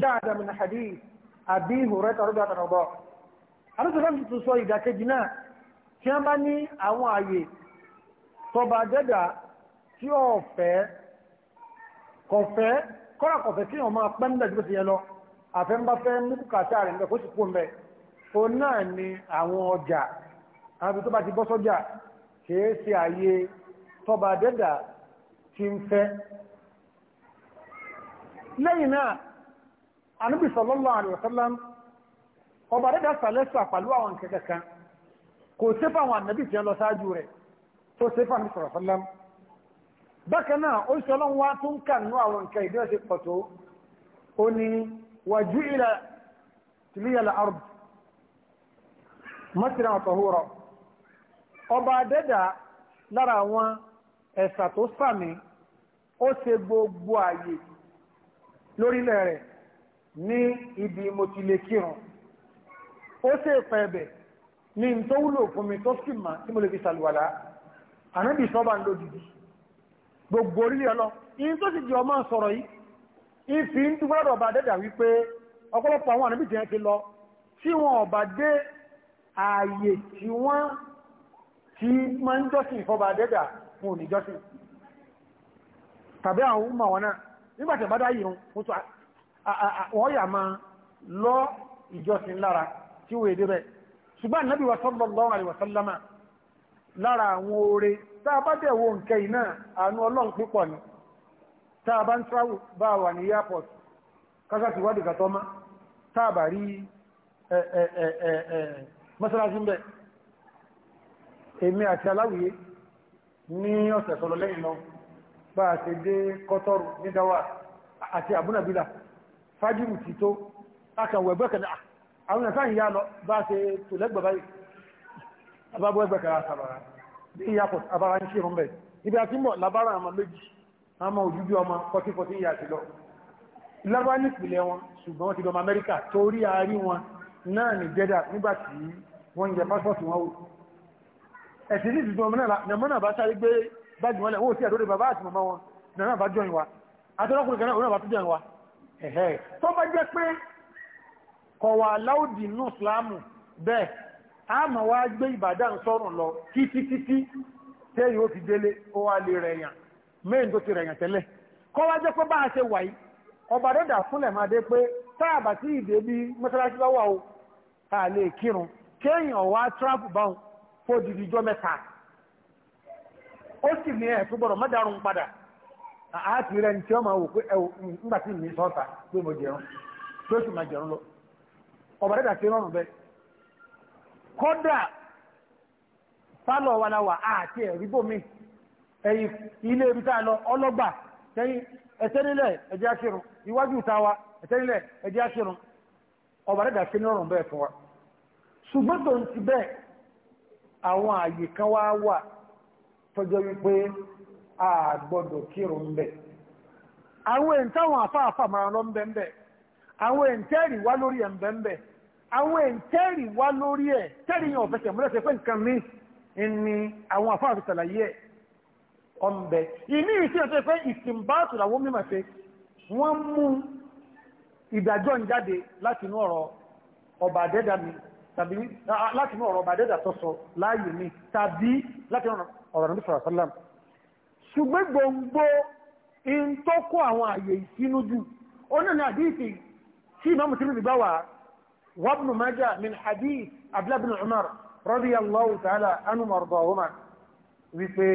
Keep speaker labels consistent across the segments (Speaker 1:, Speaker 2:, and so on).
Speaker 1: شاهد من حديث أبي هريرة رضي الله عنه àrùsọ̀ láti tún sọ ìdàkejì náà tí wọ́n bá ní àwọn àyè tọba jẹ́dà tí ó fẹ́ kọ̀fẹ́ kọ́rà kọ̀fẹ́ tí wọ́n máa pẹ́ ń dàjú ti yẹ lọ àfẹ́ ń bá fẹ́ mú kàtà rẹ̀ fẹ́ lẹ́yìn náà anubi sallallahu alaihi wasallam ọba dada salesa pẹ̀lú àwọn kẹkẹ kan kò sefa àwọn anabi tiẹ̀ lọ sáájú rẹ̀ tó sefa ní sọ̀rọ̀ sallam bákan náà ó sọ lọ́n wá tún kà nínú àwọn nǹkan ìdí ọ̀sẹ̀ pọ̀tó ó ní wàjú ilẹ̀ tìlíyàlà arb mọ́sílẹ̀ ọ̀tọ̀húrọ̀ ọba dada lára àwọn ẹ̀sà tó sàmì ó ṣe gbogbo ààyè lórílẹ̀ rẹ̀ ní ibi mo ti lè kírun ó sì pẹ́ ẹ̀bẹ̀ ní tó wúlò fún mi tó sì máa tí mo lè fi sàlùwàlá ànábì sọ́bà ń lòdìdì gbogbo orílẹ̀ ọlọ́ in tó sì jẹ ọmọ sọ̀rọ̀ yìí in fi ń dúpẹ́ lọ́dọ̀ ọba dẹ́dà wípé ọ̀pọ̀lọpọ̀ àwọn ànábì tiẹ̀ ti lọ tí wọn ọba dé ààyè tí wọ́n ti máa ń jọ́sìn fọba dẹ́dà fún òní jọ́sìn tàbí àwọn ọmọ wọn náà nígbàtí ọba dá yìí wọ́n yà máa lọ ìjọsìn lára tí wọ́n èdè rẹ̀ ṣùgbọ́n nàbí sallallahu wasallama lára àwọn oore tá a bá dẹ̀ wo nǹkẹ́ iná ni tá a bá ń travel bá wà ní airport kásàtì wádìí kàtọ́má tá a bá rí mọ́sálásí ń bẹ̀ èmi àti aláwìyé ní ọ̀sẹ̀ sọ̀rọ̀ lẹ́yìn lọ bá a ṣe dé kọ́tọ́rù ní dáwà àti àbúnàbílà fájìrù ti tó akàwọ̀ ẹgbẹ́ kan ah, àwọn ẹ̀sán ìyá lọ bá ṣe tò lẹ́gbẹ̀ báyìí abábọ́ ẹgbẹ́ kan àtàbàrà ní ìyàpọ̀ àbára ń ṣe rán bẹ̀ níbi àti mọ̀ lábára àmà méjì àmà ojú bí ọmọ 40-40 yà sí lọ lábá nípìnlẹ̀ wọn ṣùgbọ́n wọ́n ti dọmọ Amẹ́ríkà torí àárí wọn náà ní jẹ́dà nígbà tí wọ́n ń jẹ pásọ́ọ̀tì wọn wò ẹ̀sìn ní ìdùnnú ọmọnà bá sáré gbé bájì wọn lẹ̀ wọ́n sí àdóde bàbá àti màmá wọn nàmà bá jọyìn wa àtọ́lọ́kùnrin kan náà ẹ̀hẹ́ tó bá jẹ́ pé kọ̀wà aláòdì nù ìsìláàmù bẹ́ẹ̀ a mọ̀ wá gbé ìbàdàn sọ́rùn lọ títí títí tẹ́ yóò fi délé ó wá lè rẹ̀yàn mẹ́rin tó ti rẹ̀yàn tẹ́lẹ̀ kọ́ wá jẹ́ pé ṣe wà yìí ọba dẹ́dà fúnlẹ̀ máa dé pé táàbà tí ìdè bí mọ́sálásí bá o a lè kírun kéèyàn wá mẹ́ta ó sì ní ẹ̀ tó gbọ́dọ̀ padà àti rẹ̀ ní tí ọ máa wò pé ẹ̀wò ńgbà tí mi sọ́ta pé mo jẹun tí ó sì máa jẹun lọ dẹ́dà rọrùn bẹ́ẹ̀ kọ́dà pálọ̀ wa la wà àti ẹ̀rí bòmí ẹ̀yìn ilé ibi tá a lọ ọlọ́gbà tẹ́yìn ẹ̀jẹ̀ àṣírun iwájú ìta wa ẹ̀jẹ̀ àṣírun wa ṣùgbọ́n tó ń ti àgbọ́dọ̀ kírun ń bẹ̀ àwọn èyí táwọn àfáàfà máa lọ ń bẹ́ ń bẹ̀ àwọn èyí tẹ́rì wá lórí ẹ̀ ń bẹ́ ń bẹ̀ àwọn èyí tẹ́rì wá lórí ẹ̀ tẹ́rì yàn ọ̀fẹ́sẹ̀ múlẹ̀ ṣe pé nǹkan mi ni àwọn àfáà fi ṣàlàyé ẹ̀ ọ̀nbẹ ìní ìṣẹ́ ṣe pé ìsìnbáàtù ọ̀rọ̀ nàbí sọ̀rọ̀ sálàmù ṣùgbọ́n gbogbo in tó kó àwọn àyè ìsinú jù ó náà ní àdíìsì tí ìmọ̀ mùsùlùmí ti bá wà wabnu maja min hadith abdullahi bin umar radiyallahu ta'ala anhu mardahuma wípé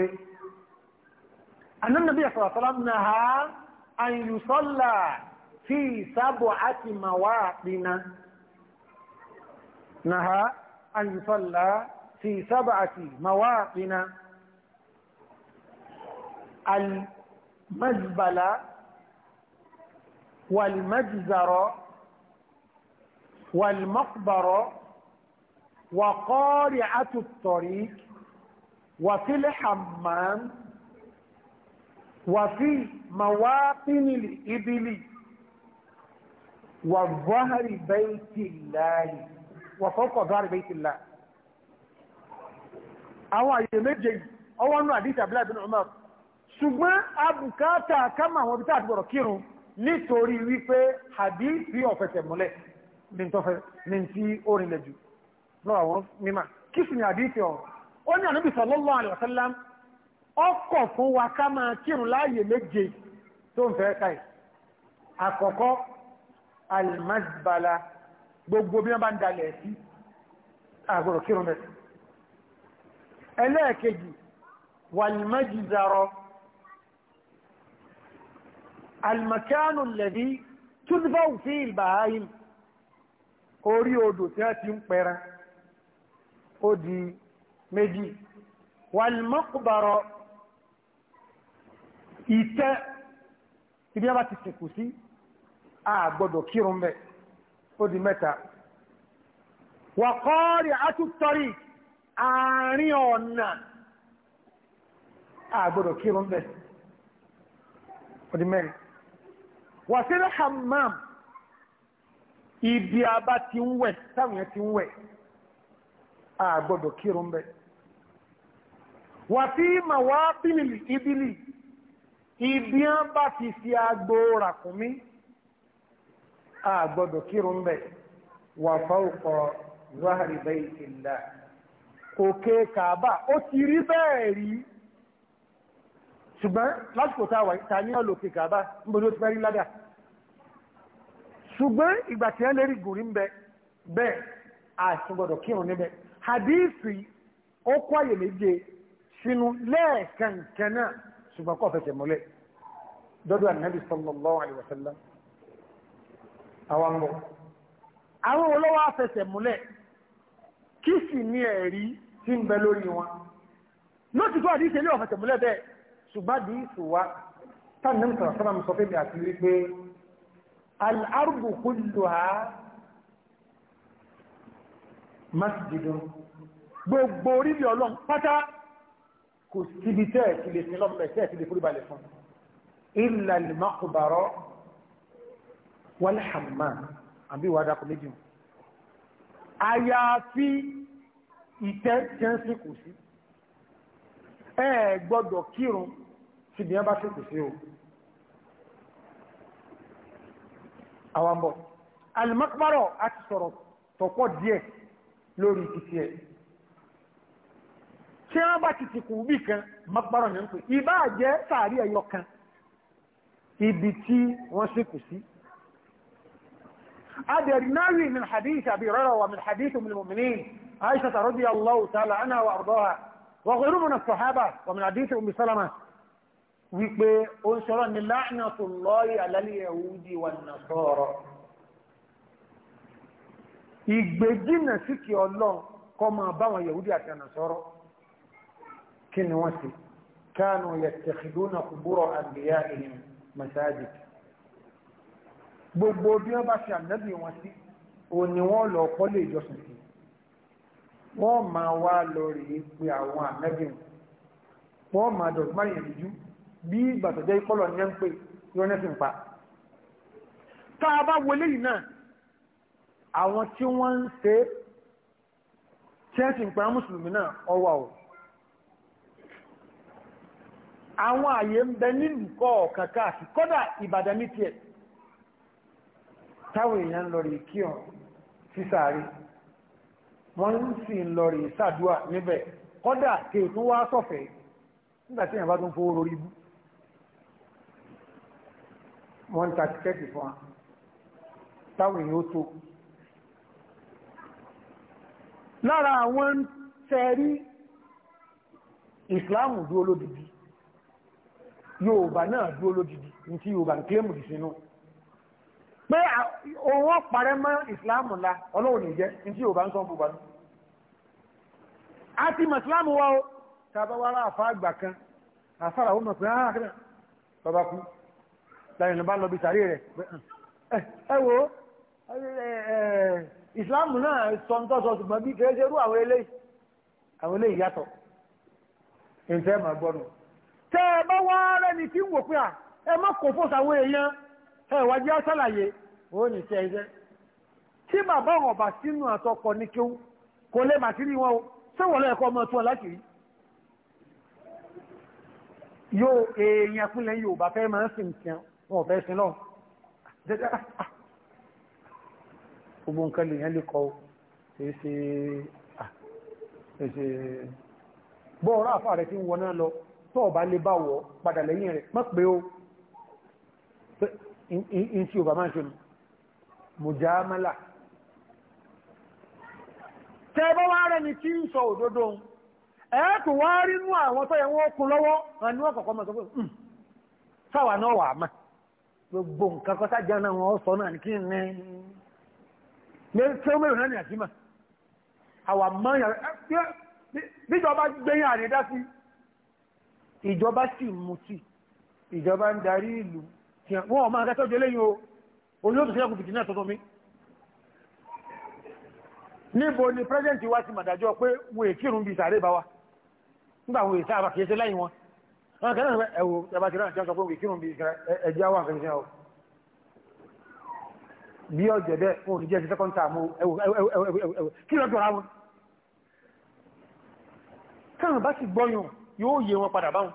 Speaker 1: annabi sallallahu alaihi wasallam naha an yusalla fi sab'ati mawaqina naha an المزبلة والمجزرة والمقبرة وقارعة الطريق وفي الحمام وفي مواطن الإبل وظهر بيت الله وفوق ظهر بيت الله أو أي مجي أو أنه حديث أبلا بن عمر ṣùgbọ́n abùkátà kama àwọn ibi tààtì bọ̀rọ̀ kírun nítorí wípé hadithi ọ̀fẹ́sẹ̀ múlẹ̀ ní tí ó rinlẹ̀ jù lọ́wọ́ àwọn mímà kí sì ni hadithi ọ̀rọ̀ ó ní ànábì sallallahu alaihi wasallam المكان الذي تذبح فيه البهائم orí odò tí a ti ń pẹran ó di méjì wàlmọ́kùbàrọ̀ ìtẹ́ ibi a bá ti sìnkú sí àgbọ́dọ̀ kírun bẹ̀ ó di mẹ́ta wà kọ́ọ̀rì àtútọ́rì àárín ọ̀nà àgbọ́dọ̀ kírun bẹ̀ ó di mẹ́rin wàsílẹ̀ hammam ibi àbá ti ń wẹ̀ táwọn yẹn ti ń wẹ̀ àgbọ̀dọ̀ kírun bẹ́ wàsí màwá bílì ibílì ibi àbá ti fi agbo ràkúnmí àgbọ̀dọ̀ kírun bẹ́ wà fáwọ̀kọ̀ zahari bẹ́ẹ̀ ìtìlá òkè kàbá ó ti rí bẹ́ẹ̀ rí ṣùgbọ́n lásìkò táwà ìta ní ọlọ́kè kàbá ń bọ́ ní ó ti fẹ́rí ládà ṣùgbọ́n ìgbà tí wọ́n lè rí gùrí ń bẹ bẹ́ẹ̀ àṣùgbọ́dọ̀ kírun níbẹ̀ hadithi ó kó àyè méje sínú lẹ́ẹ̀kankan náà ṣùgbọ́n kọ́ fẹsẹ̀ mọ́lẹ̀ dọ́dọ̀ ànábì sallallahu alaihi wasallam àwọn ń bọ̀ àwọn olówó afẹsẹ̀ mọ́lẹ̀ kí sì ní ẹ̀rí tí ń bẹ lórí wọn lótìtọ́ àdíṣe ilé ọ̀fẹsẹ̀ mọ́lẹ̀ ṣùgbọ́n bí ìṣùwà tán ní sọ̀rọ̀ sọ́nà sọ fẹ́ bí àti wípé al'arbu kulluha masjidun gbogbo orílẹ̀ ọlọ́n pátá kò síbi tẹ́ ti lè sin lọ́mọ tẹ́ ti lè fúrí balẹ̀ fún illa al-maqbara ẹ gbọ́dọ̀ kírun tí bí wọ́n bá ṣètò sí o àwọn bọ̀ alimakbaro a ti sọ̀rọ̀ tọ̀pọ̀ díẹ̀ lórí títí ẹ̀ tí wọ́n bá ti ti kù bí kan makbaro ní ń pè ìbá jẹ́ sàárì ẹ̀yọ kan ibi tí wọ́n ṣètò sí أدرناوي من حديث أبي هريرة ومن حديث أم المؤمنين عائشة رضي الله تعالى عنها وأرضاها وغيرهم من الصحابة ومن حديث أم سلمة wípé ó ń sọ̀rọ̀ ní la'natullahi alal yahudi wan nasara ìgbèjìnà síkì ọlọ́run kọ́ máa báwọn yahudi àti nasara kí ni wọ́n sì kánú yattakhiduna qubura anbiya'ihim masajid gbogbo bí wọ́n bá máa wá lọ bí ìgbà tó jẹ́ ìkọlọ̀ ní ẹ́ ń pè yọ ní fi ń pa tá a bá wọlé yìí náà àwọn tí wọ́n ń ṣe tí ẹ́ sì ń pa mùsùlùmí náà ọwà ò àwọn àyè ń bẹ nílùú kọ́ kàkà sí kọ́dà Ìbàdàn ní tiẹ̀ táwọn èèyàn ń lọ rí kí ọ̀ sí sàárì wọ́n ń sì ń lọ sàdúà níbẹ̀ kọ́dà kí ètò wá sọ̀fẹ́ nígbàtí ìyàn bá tún fowó lórí ibú wọ́n ń ta tíkẹ́ẹ̀tì fún wa táwọn èèyàn ó tó lára àwọn ń tẹ̀rí ìsìláàmù dúró lódìdí yorùbá náà dúró lódìdí ní tí yorùbá ń kílẹ̀mù dì sínú pé òun ọ̀parẹ́ mọ́ ìsìláàmù ńlá ọlọ́run ní jẹ́ ní tí yorùbá ń sọ fún bàbá àti mọ̀síláàmù wa ó tàbáwárá àfáàgbà kan àfáàrà ó mọ̀ pé ah, áhà lẹ́yìn bá lọ bí sàárè rẹ̀ ẹ wo Islam náà sọ ń tọ́sọ ṣùgbọ́n bí kéré ṣe rú àwọn eléyìí àwọn eléyìí yàtọ̀ ǹfẹ́ mà gbọ́nù tẹ́ ẹ bá wá rẹ́ni tí ń wò pé à ẹ má kò fò sáwọn èèyàn ẹ wá jẹ́ sàlàyé ó ní tẹ́ ẹ jẹ́ tí bàbá wọn bá sínú àtọkọ ní kéwú kò lè mà sí rí wọn o sẹ́wọ̀n lẹ́ẹ̀kọ́ ọmọ tún ọ láti rí yóò èèyàn kúnlẹ̀ Yorùbá fẹ́ máa ń sìn kí wọn ò fẹ́ sin náà jẹ́jẹ́ ah, ah. gbogbo nǹkan lèèyàn lè kọ́ kìí ṣe ah, ṣe bọ́ ọ̀rọ̀ àfà rẹ̀ tí ń wọ náà lọ tó ọ̀bá lè bá wọ padà lẹ́yìn rẹ̀ mọ́ pé ó in tí ò bá máa ṣe mùjámálà tẹ́bọ́ wá rẹ̀ ni tí ń sọ òdodo ẹ̀ẹ́kù wá rí nú àwọn tó kún lọ́wọ́ àwọn ní ọkọ̀kọ́ mọ̀ sáwà hmm, náà wà máa gbogbo nǹkan kọ́sá jẹ́ náà wọ́n sọ náà kí ní tí ó mẹ́rin náà ní àjímà àwà mọ́yà bíjọba gbẹ́yìn àrídá sí ìjọba sì mutí ìjọba ń darí ìlú wọ́n ọmọ akẹ́tọ́jọ lẹ́yìn o olóòtú sí ẹkùn fìdínà tọ́tọ́ mi níbo ni pírẹ́sẹ̀ntì wá sí màdájọ́ pé wọ́n èkírùn bí sàárè bá wa nígbà wọ́n èsà àbàkìyèsẹ́ láyìn wọn wọn kàn án ẹwò ẹbá tí náà sọ pé ìkírun bí ẹjẹ́ wà fẹ́ sẹ́wọ́ bí ọjọ́ dẹ́ wọn ti jẹ́ ti sẹ́kọ́ntà mú ẹwò kí lọ́jọ́ ra wọn káwọn bá sì gbọ́yàn yóò yé wọn padà báwọn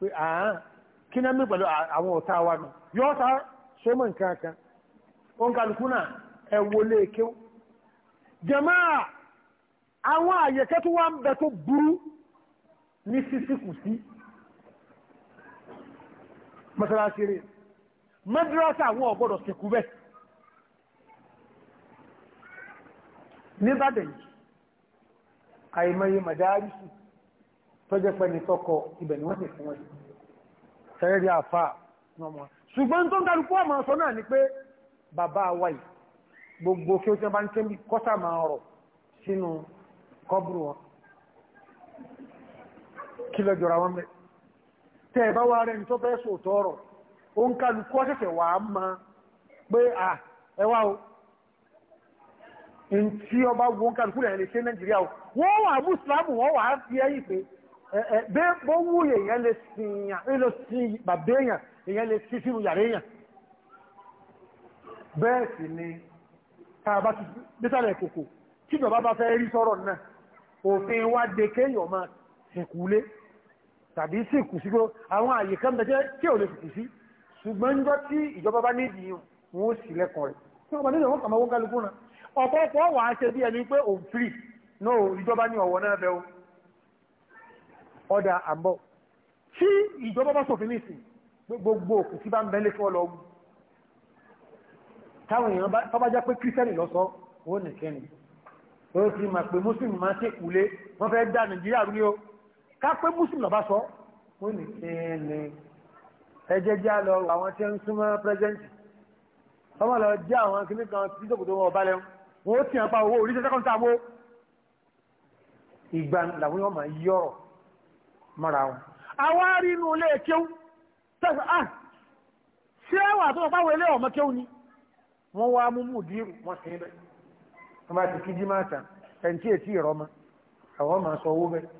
Speaker 1: pé àán kí náà mú pẹ̀lú àwọn ọ̀tá wa nù yóò ta sọ́mọ̀ nǹkan kan òun kàlùkù náà ẹwò lè kéwọ́ jàmáà àwọn àyẹ̀kẹ́ tó wá ń bẹ tó burú ní sísìkù sí mọ́sálásí rẹ̀ mọ́dúrásà àwọn ọ̀gbọ́dọ̀ sẹ̀kú bẹ́ nígbàdẹ̀ yìí àìmọye màdárísù tọ́jẹ́ pẹ́ ní tọ́kọ ibẹ̀ ni wọ́n sì fún wọn tẹ́rẹ́rí àfà ọmọ ṣùgbọ́n tó ń darúkú ọmọ sọ náà ni pé bàbá wa yìí gbogbo kí ó tí wọ́n bá ń tẹ́lì kọ́sà máa rọ̀ sínú kọ́bùrù wọn kí lọ jọra wọn bẹ́ẹ̀ tẹ́ bá wá rẹ̀ tó bẹ́ sọ tọ́rọ̀ o ń kàlù kọ́ ṣẹ̀ṣẹ̀ wà á ma pé à ẹwà o in tí ọba wo ń kàlù kúrẹ̀ lè ṣe Nàìjíríà o wọ́n wà mú islamu wọ́n wà á fi ẹ̀yìn pé ẹ̀ẹ́ bó wú èèyàn lè sin bàbá èèyàn èèyàn lè sí sínú yàrá èèyàn bẹ́ẹ̀ sì ni tàbá ti dẹ́sàlẹ̀ kòkò tí bàbá bá fẹ́ rí sọ̀rọ̀ náà de kéèyàn máa sìnkú lé tàbí sí ìkùsígbó àwọn àyè kan bẹ̀jẹ́ tí ò lè fìkì sí ṣùgbọ́n níjọ́ tí ìjọba bá nídìí wọn ó sì lẹ́kọ̀ọ́ rẹ̀ tí wọ́n bá nílò wọn kà máa wọ́n kálukú náà ọ̀pọ̀ọ̀pọ̀ wà á ṣe bí ẹni pé òun fìrì náà ìjọba ní ọ̀wọ́ náà bẹ́ o ọ̀dà àbọ̀ tí ìjọba bá sòfin nìsín gbogbo òkú bá ń bẹ́lẹ̀ fún ọlọ́wù kápẹ́ muslim lọ́ba sọ wọ́n ní kíni ẹjẹ́ jẹ́ lọ àwọn tí ń súnmọ́ pẹ́sẹ́ntì ọmọ lọ jẹ́ àwọn kìnnì kan tí tó kò tó wọ́n ọba lẹ́wọ̀n wọ́n ti hàn pa owó orí sẹ́sẹ́ kan sáà wó ìgbà làwọn yóò máa yọ̀rọ̀ mọ́ra wọn. àwa rí inú ilé kéwú tẹ̀sán ah ṣé àwọn àtọ́wọ́ páwọn ilé ọmọ kéwú ni wọ́n wá mú mú dírù wọ́n sì ń bẹ́ wọ́n bá ti kí jí máa tàn ẹ̀ ń tí èsì ìrọ́mọ àwọn máa sọ owó bẹ́ẹ̀.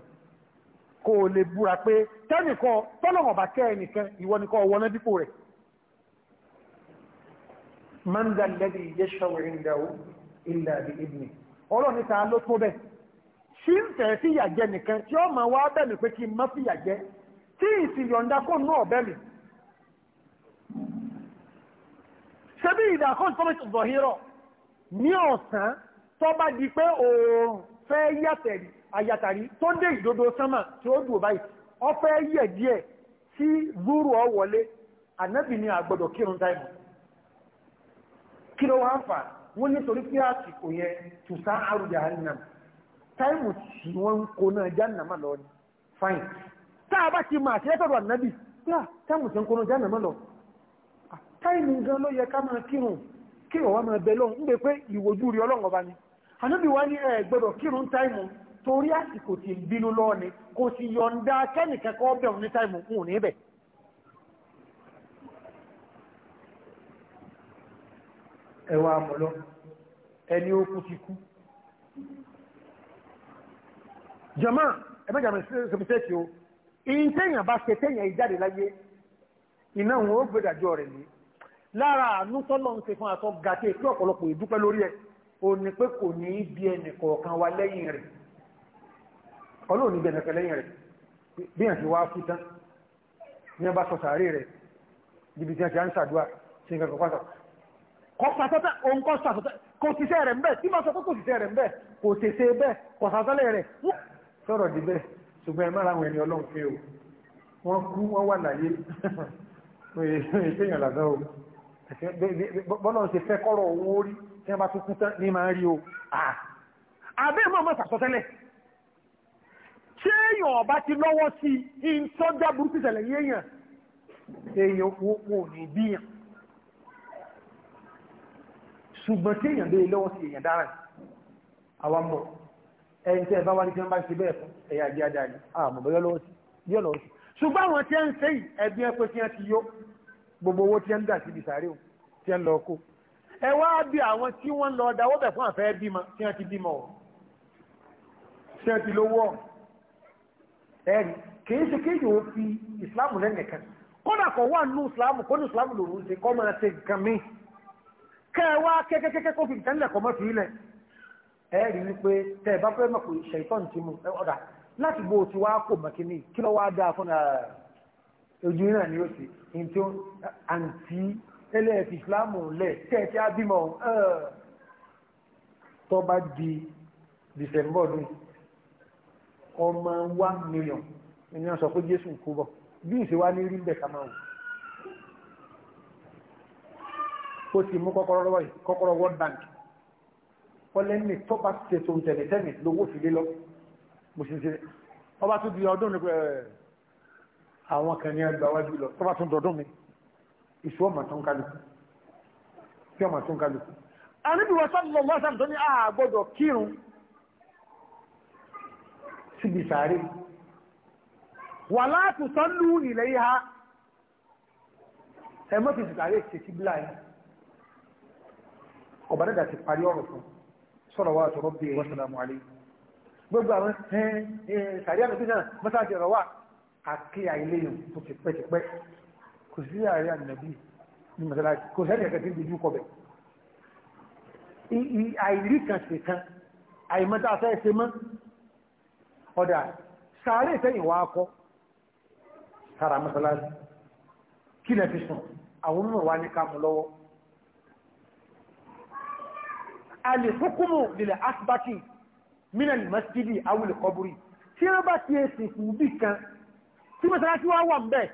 Speaker 1: kó o lè búra pé tẹ́nìkan tọ́lọ̀wọ̀n bá kẹ́ ẹnìkan ìwọ nìkan ọwọ́ náà dípò rẹ̀ manda lẹ́dí yẹ́ṣọ́ ìrìndàwó ilẹ̀ àbí ìbìnì ọ̀rọ̀ níta ló tó bẹ́ẹ̀ ṣí ń tẹ̀ sí ìyàjẹ́ nìkan tí ó máa wá bẹ̀mí pé kí ìdàkọ́n tó mẹ́tò zọ̀hírọ̀ ní ọ̀sán tó di pé òòrùn fẹ́ yàtẹ̀rì ayatari tó dé ìdodo sánmà tí ó dùn báyìí ọfẹ́ yẹ̀ tí ọ wọlé anabi ni àgbọ̀dọ̀ kírun táìmù kí ló fà wọ́n nítorí pé àsìkò yẹn tùsá àrùjà táìmù tí ń kó náà lọ ni fine tá a bá ti máa ṣe anabi ànábì táìmù tí ń kó náà jánnàmà lọ táìmù gan ló yẹ ká máa kírun kí ma máa bẹ lọ́hùn ń pé ìwòjú rí ni wá torí àsìkò tí ń bínú lọ ni kò sì yọ̀ǹda kẹ́nìkẹ́kọ́ bẹ̀rù ní táìmù kùn níbẹ̀ ẹwà àmọ̀lọ́ ẹni ó kú ti kú jama ẹgbẹ́jà mẹ́sẹ̀kì o in tẹ́yàn bá ṣe tẹ́yàn ìjáde láyé iná wọn ó gbẹ́dàjọ́ rẹ̀ ní lára àánú tọ́lọ́ ń ṣe fún àtọ́ gàtẹ́ pé ọ̀pọ̀lọpọ̀ ìdúpẹ́ lórí ẹ̀ o ní pé kò ní bí ẹnì kọ̀ọ̀kan wa lẹ́yìn rẹ̀ ọlọ́run ní bẹ̀rẹ̀ lẹ́yìn rẹ̀ bí wọ́n ti wá kú tán ní wọ́n bá sọ sàárè rẹ̀ níbi tí wọ́n ti à ń sàdúrà sí nǹkan kan pàtàkì kọ́ sàtọ́tà òun kọ́ sàtọ́tà kò síṣẹ́ rẹ̀ ńbẹ̀ tí máa sọ pé kò síṣẹ́ rẹ̀ ńbẹ̀ kò tètè bẹ́ẹ̀ kò sàtọ́lẹ̀ rẹ̀ sọ̀rọ̀ di bẹ́ẹ̀ ṣùgbọ́n ẹ má ra àwọn ẹni ọlọ́run o wọ́n kú wọ́n wà láyé ìṣèyàn ṣé èèyàn ọba ti lọ́wọ́ sí i ìtọ́jà burúkú ìṣẹ̀lẹ̀ yé èèyàn èèyàn wọn ò ní bíyàn ṣùgbọ́n tí èèyàn béèrè lọ́wọ́ sí èèyàn dára àwa mọ̀ ẹni tẹ́ ẹ bá wá ní kí wọ́n bá ṣe bẹ́ẹ̀ fún ẹ̀yà àjẹ́ ajá ni àmọ̀ bẹ́ẹ̀ lọ́wọ́ sí yóò lọ́wọ́ sí ṣùgbọ́n àwọn tí ẹ ń ṣe yìí ẹbí ẹ̀pẹ́ tí ẹ ti yó gbogbo owó tí ń dà síbi sàárè o tí ń lọ kó ẹ wá bí àwọn tí wọ́n lọ dáwọ́ bẹ̀ fún àfẹ́ bímọ tí ẹ ti bímọ o tí ẹ ti lówó ọ̀hún ẹ̀rí kìí ṣe kéèyàn ó fi ìsìláàmù lẹ́nìkan kódà wà nù ìsìláàmù kó ní ìsìláàmù ṣe kọ́ ṣe nǹkan kẹwàá kẹ́kẹ́kẹ́kẹ́ kó fi fi ilẹ̀ ẹ̀rí wípé tẹ́ bá fẹ́ ọ̀dà láti bó o ti wá kò mọ́ kí fún ojú náà ni ó àǹtí ẹlẹ́ẹ̀fì ọmọ one million ẹni wọn sọ pé jésù ń kú bọ̀ bí ìṣe wá ní rí ń bẹ̀ ká máa wò ó ti mú kọ́kọ́rọ́ lọ́wọ́ yìí kọ́kọ́rọ́ world bank ọlẹ́ni tó bá ṣe tó ń tẹ̀lé tẹ́lẹ̀ lówó fi lé lọ mo sì ṣe ọba tó di ọdún nípa àwọn kan ní ẹgbàá wájú lọ tó bá tún dọdún mi ìṣú ọmọ tó ń kálukú tí ọmọ tó ń kálukú. àníbi wọ́n sábà lọ́wọ́ sábà tó ní kírun síbi sàárè wà láti sọ́lú ilẹ̀ ìhá ẹmọ́fì sàárè ṣe sí bláì ọba dẹ́dà ti parí ọ̀rọ̀ fún sọ́rọ̀ wà tọrọ bí wọ́n sọ́lá mọ́lé gbogbo àwọn sàárè àti náà mọ́sáàjì ọ̀rọ̀ wà àkí àìléyìn tó ti pẹ́tipẹ́ kò sí ààrẹ ànàbí kan ṣe kan àìmọ́ta fẹ́ ṣe ọ̀dà sàárè ìtẹ́yìn wá kọ́ sára mọ́sálásí kí lẹ́ fi sùn àwọn onímọ̀ wá ní káàmù lọ́wọ́ alìfúkúmù lílẹ̀ asibati mínàlì masjidi awulẹ̀ kọbúrí tí wọ́n bá ti èsì fún bí kan tí mọ́sálásí wá wà mbẹ́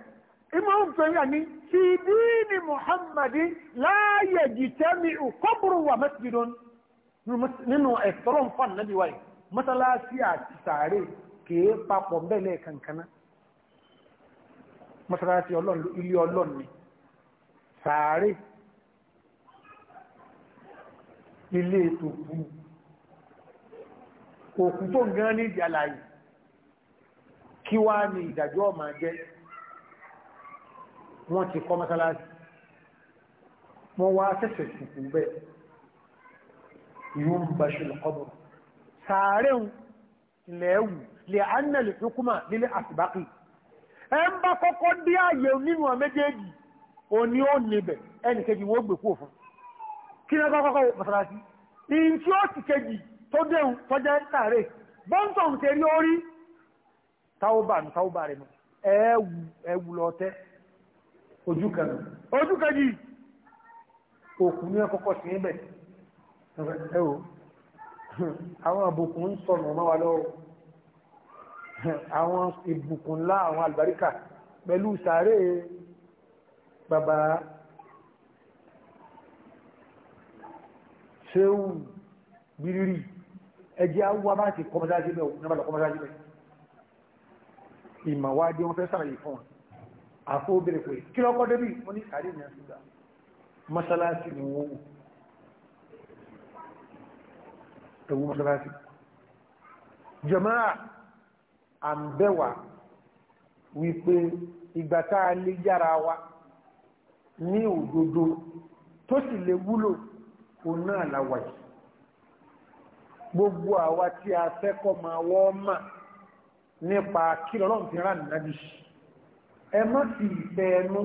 Speaker 1: ìmọ̀ ń fẹ́ yà ní fi dínì muhammadi láàyè jìtẹ́mi kọbúrú wà masjidun nínú ẹ̀sọ́rọ̀ fún nàbíwáyìí mọ́sálásí àti sàárè kèé papọ̀ bẹ́ẹ̀lẹ̀ kankaná mọ́sálásí ilé ọlọ́run ni sàárè ilé ètò kú òkú tó ń gán ní ìdí àlàyé kí wá ní ìdàjọ́ ọmọ jẹ́ wọ́n ti kọ́ mọ́sálásí wọ́n wá sẹ́sẹ̀ sùkú bẹ́ẹ̀ yóò ń bá ṣe lọ́kọ́bùn sàárẹ̀hùn lẹ́wù lè annal hukuma lílé àsìbákì ẹ ń bá kọ́kọ́ dé ààyè nínú àmẹ́jẹ́jì o ó níbẹ̀ ẹnì kejì wọ́n gbè kú òfin kí ní bá kọ́kọ́ mọ̀sálásí ìyìn tí ó sì kejì tó déhùn tó jẹ́ sàárẹ̀ bọ́ntọ̀n rí orí táwọ́bà ní táwọ́bà rẹ̀ ẹ̀wù lọ́tẹ́ ojú kan ojú kejì òkú àwọn àbùkù ń sọnù ọmọ wa lọ́wọ́ àwọn ìbùkù ńlá àwọn àlùbáríkà pẹ̀lú sàárè bàbá ṣéwù bírírí ẹjẹ́ awúwá bá ti kọmọdájí mẹ́ òun nábàlọ̀ kọmọdájí mẹ́ ìmọ̀ wájí wọ́n fẹ́ sàrẹ̀ fún wọn àfó obìnrin pé kí lọ́kọ́ débì wọ́n ní sàárè ní àṣìgbà mọ́sálásí ni wọ́n wù ẹ̀wù mọ́sálásí jàmáà à ń bẹ̀ wá wípé ìgbà tá a lè yára wa ní òdodo tó sì lè wúlò òun náà la wà yìí gbogbo àwa tí a fẹ́ kọ́ máa wọ́ mà nípa kí lọ́lọ́run ti rán nàbí ẹ má sì ìfẹ́ ẹnu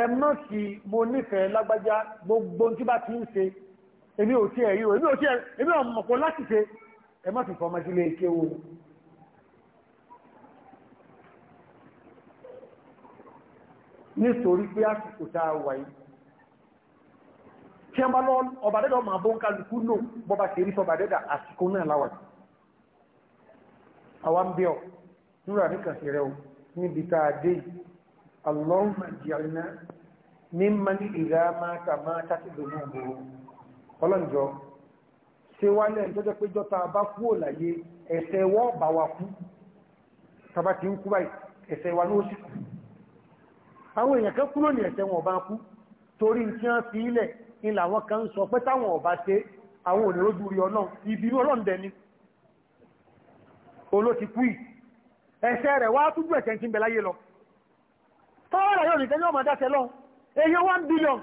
Speaker 1: ẹ má sì mo nífẹ̀ẹ́ lágbájá gbogbo tí bá ti ń ṣe èmi ò tí ẹ̀rí o èmi ò tí ẹ̀rí èmi ò mọ̀pọ̀ láti ṣe ẹ má fi fọmọ sílé ike o nítorí pé àsìkò tá a wà yìí tí a bá lọ ọba dẹ́dà ọmọ abó ń kálukú lò bọ́ba ṣe rí sọba dẹ́dà àsìkò náà láwà àwa ń bí ọ nígbà níkan sí rẹ o níbi tá a dé Allahumma jìyànná mímọ́ ní ìdá máta máta sí lónìí òbòrò ọlọ́njọ́ ṣe wá lẹ́yìn tó jẹ́ pé jọ́ta bá kú ò láyé ẹ̀ṣẹ̀ wọ́ bá wa kú tàbá ti ń kú báyìí ẹ̀ṣẹ̀ wa ló sì kú àwọn èèyàn kan kúrò ní ẹ̀ṣẹ̀ wọn bá kú torí tí wọ́n fi ilẹ̀ ilẹ̀ àwọn kan sọ pé táwọn ọba ṣe àwọn oníròjú rí ọlọ́run ibi ní ọlọ́run dẹni oló ti kú ẹ̀ṣẹ̀ rẹ̀ wá túbú ẹ̀ṣẹ̀ ti ń láyé lọ tọ́wọ́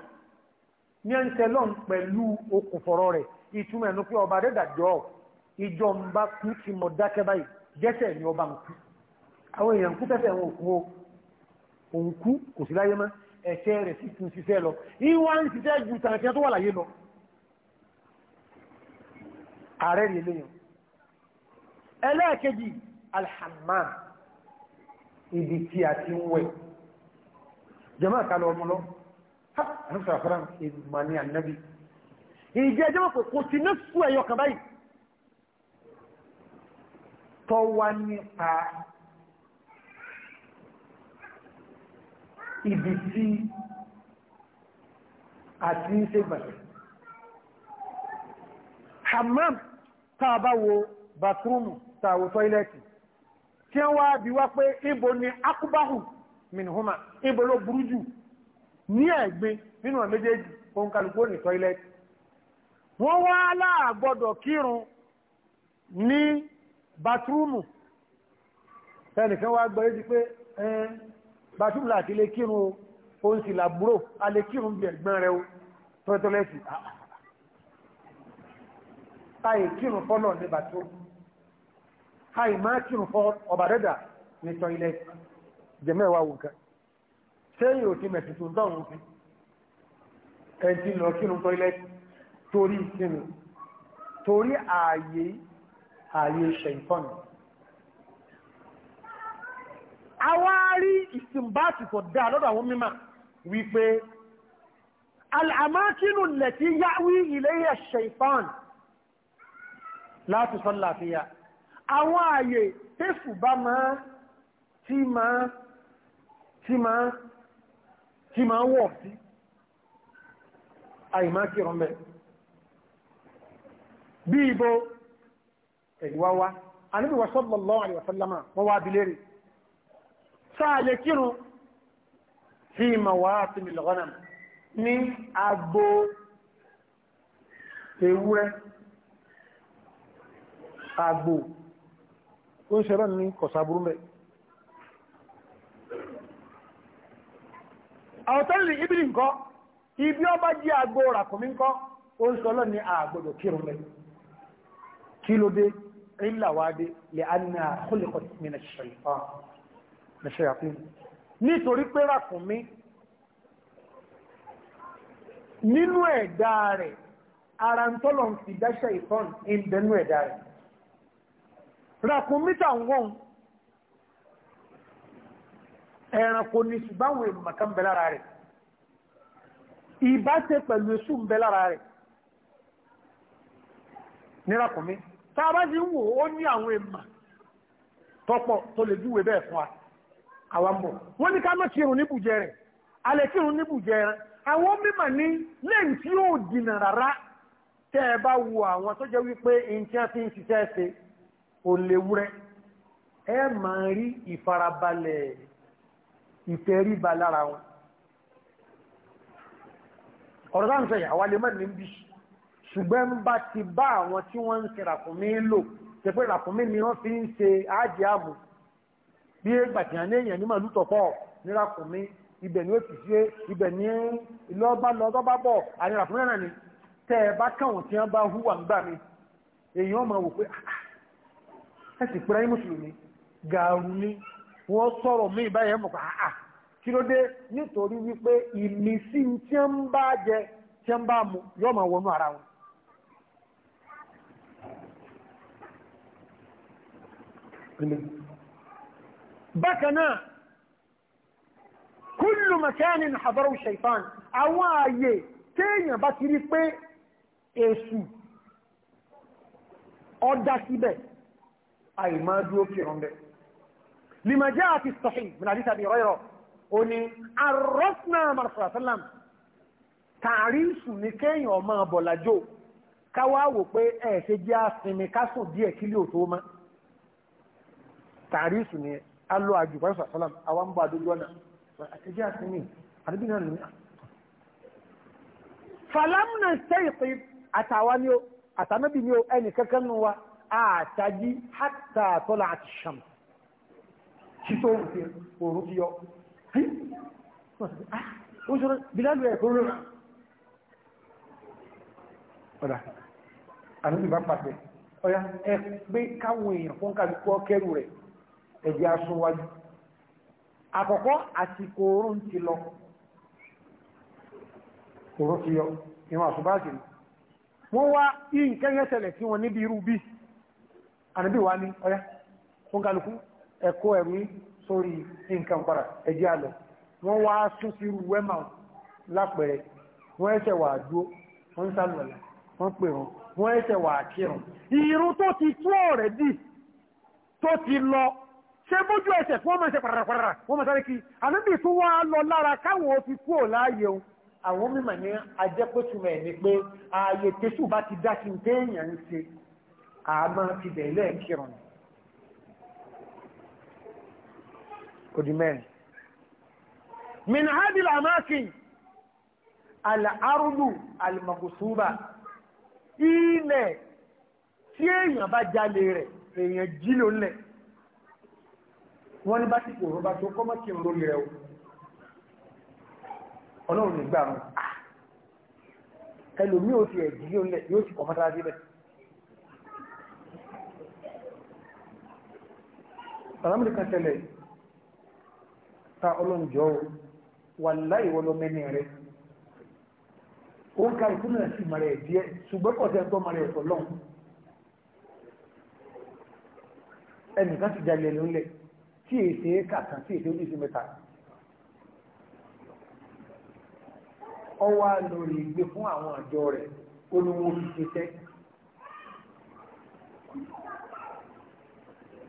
Speaker 1: ní ẹ̀ ń tẹ́lọ́n pẹ̀lú okùnfọ̀rọ̀ rẹ̀ ìtumọ̀ ẹ̀nu pé ọba dẹ́dàjọ́ ìjọ ń bá kú ti mọ̀ dákẹ́ báyìí jẹ́sẹ̀ ni ọba ń kú àwọn èèyàn kú tẹ́sẹ̀ wọn òkú òun kú kò sí láyé mọ́ ẹ̀ṣẹ̀ rẹ̀ sì tún ṣiṣẹ́ lọ ìwà ń ṣiṣẹ́ ju tàǹtẹ́ tó ha sàfàràn ìmọ̀ ní ànábì ìjẹ́ ẹjẹ́ mọ̀ pé kò sí ní sùn ẹ̀yọ kan báyìí tọ́ wá nípa ibi tí àti ń ṣe gbàgbẹ́ hammam wo bàtúrùmù tí wọ́n wá bí wá pé ibo ni akubahu min huma ló burú jù ní ẹ̀gbin nínú ọ̀nà méjèèjì ohun kálukú ní tọ́ílẹ̀tì wọ́n wá láàgbọ́dọ̀ kírun ní batúrúmù ẹnìkan wá gbọ́ yéjì pé ẹn batúrúmù láti lè kírun o ń sì làbúrò a lè kírun bí ẹ̀gbọ́n rẹ o tọ́tọ́lẹ́sì àì kírun fọ́lọ̀ ní batúrúmù àì má kírun fọ́ ọbàdẹ́dà ní tọ́ílẹ̀tì jẹ́mẹ́wàá wùkan sẹ́yìn òtí mẹ̀sìtò dáhùn sí ẹ̀ntì lọ kínú tọ́ilẹ̀ torí sínú torí ààyè ààyè ṣẹ̀ǹtọ́n awárí ìsìnbáàtì tó dá lọ́dọ̀ àwọn mímọ̀ wípé al'amákínú lẹ̀tí yáwí iléyẹ̀ ṣẹ̀ǹtọ́n láti sọ́lá àwọn ààyè tẹ́fù bá máa tí máa tí máa ń wọ̀ sí àìmákìrán mẹ́ bí ibo ẹ̀yíwá wá Ànábì wa sallallahu alaihi wa sallama wọ́n wá bí lérè sáàlẹ̀ kírun fi mawatimil ghanam ní agbo ewúrẹ́ agbo ó ń ṣe ní kọ̀sàbúrú mẹ́ àwọ̀tẹ́lì ibìlì ńkọ́ ibi ọba jí àgbò ràkùnmí ńkọ́ ó ń sọ lọ ní àgbòdò kírun lẹ kí ló dé ìlàwádé lè anà kólẹ̀kọ́ mi nà ṣẹ̀yàfún nítorí pé ràkùnmí nínú ẹ̀dá rẹ̀ ara ń tọ́lọ̀ ń fi dáṣẹ́ ìtọ́n ìbẹ̀nú ẹ̀dá rẹ̀ ràkùnmí tàwọn ẹranko ní ṣùgbọ́n èèyàn màkà ń bẹ lára rẹ̀ ìbá tẹ pẹ̀lú èṣù ń bẹ lára rẹ̀ nírakùnmí tá a bá ti ń wò ó ní àwọn èèmà tọ́pọ̀ tó lè júwe bẹ́ẹ̀ fún wa àwọn mọ̀ wọ́n ní ká má kírun ní bùjẹ rẹ̀ alẹ́ kírun ní bùjẹ rẹ̀ àwọn mímọ̀ ní lẹ́yìn tí ó dìnà rárá tẹ́ ẹ bá wo àwọn tó jẹ́ wípé nǹkan fi ń ṣiṣẹ́ ṣe ò lè wúrẹ́ ẹ máa rí ìfarabalẹ̀ ìtẹríba lára wọn ọ̀rọ̀ láti sẹ́yìn àwọn alẹ́mọ́ ní bí ṣùgbọ́n bá ti bá àwọn tí wọ́n ń ṣe ràkùnmí lò tẹ pé ràkùnmí ni wọ́n fi ń ṣe ájì àmù bí gbàtìyàn ní èèyàn ní màlúù tọ̀pọ̀ ní ràkùnmí ibẹ̀ ni ó ti ṣe ibẹ̀ ni ìlọ́bá lọ́dọ́ bá bọ̀ àní ràkùnmí náà ni tẹ́ ẹ bá káwọn tí wọ́n bá hùwà ń gbà mí èèyàn máa wò pé ah, ah, ẹ sì wọ́n sọ̀rọ̀ mí báyìí ẹ̀ àà ah, ah, kí ló dé nítorí wípé ìmísí tí ń jẹ tí ń bá mu yóò máa wọnú ara wọn. bákan náà kúlù makanin hadaru shaitan àwọn ààyè téèyàn bá ti rí pé èṣù ọdá síbẹ̀ لما جاء في الصحيح من حديث أبي هريرة أني عرفنا من رسول الله سلام تعريس نكين وما بولاجو كواو بي ايه سجيا سمكاسو دي كيليو توما تعريس ني قال له أجو فرسول الله سلام أوام بادو جوانا سجيا سمي أربينا نمي فلم نستيقظ أتاوانيو أتانبينيو أني ككنوا آتاجي حتى طلعت الشمس tí tó ń fi òòrùn fi yọ ah, ó ṣe bílálù ẹ̀ kó rọrùn ọ̀dà àlúbì bá pàṣẹ ọ̀yá ẹ pé káwọn èèyàn fún kàlùkù ọkẹ́rù rẹ̀ ẹ̀jẹ̀ aṣọwájú àkọ́kọ́ àsìkò oorun ti lọ òòrùn fi yọ ìwọ̀n àṣùbáṣì wọ́n wá ìǹkẹ́yẹ́sẹ̀lẹ̀ tí wọ́n níbi irú bí àníbí wá ní ọ̀yá fún kàlùkù ẹ̀kọ́ ẹ̀mí sórí nǹkan padà ẹjẹ́ àlọ́ wọ́n wá sún sí irú wẹ́mà lápẹ̀rẹ̀ wọ́n ẹ̀ṣẹ̀ wà dúó wọ́n sálùwàlà wọ́n pè rán wọ́n ẹ̀ṣẹ̀ wà kírun irun tó ti tú ọ̀rẹ́ dì tó ti lọ ṣe bójú ẹsẹ̀ fún ọmọ ẹsẹ̀ pàràpàrà wọ́n mọ̀ sáré kí àníbì tó wá lọ lára káwọn ó fi kú ò láàyè o àwọn mímọ̀ ní ajẹ́pẹ́tùmẹ̀ ní pé ààyè tẹ́sù bá ti dá sí téèyàn ń ṣe àmọ́ ti bẹ̀ẹ́lẹ̀ kírun ni odi mẹ́rin min hadil amakin al'arudu al-maghsuba ilẹ̀ tí èèyàn bá jalè rẹ̀ èèyàn jí ló lẹ̀ wọ́n ní bá ti kòrò bá tó kọ́mọ́ kí n lórí rẹ̀ ọlọ́run ní gbà rún ah! ẹlòmí ò ti ẹ̀jí ló lẹ̀ yóò ti kọ̀ mọ́tara síbẹ̀ ọ̀rọ̀ kan tẹ́lẹ̀ ta ọlọ́njọ́ wàláì wọ́n lọ mẹ́ni rẹ̀ ó ń ka ìkúnlẹ̀ sí mara ẹ̀ díẹ̀ ṣùgbọ́n kọ̀ sẹ́ tó mara ẹ̀ sọ̀lọ́n ẹnìkan ti jalè lólẹ̀ tí èsè kàtà tí èsè oníṣe mẹ́ta ọwọ́ lórí ìgbé fún àwọn àjọ rẹ̀ olówó ṣiṣẹ́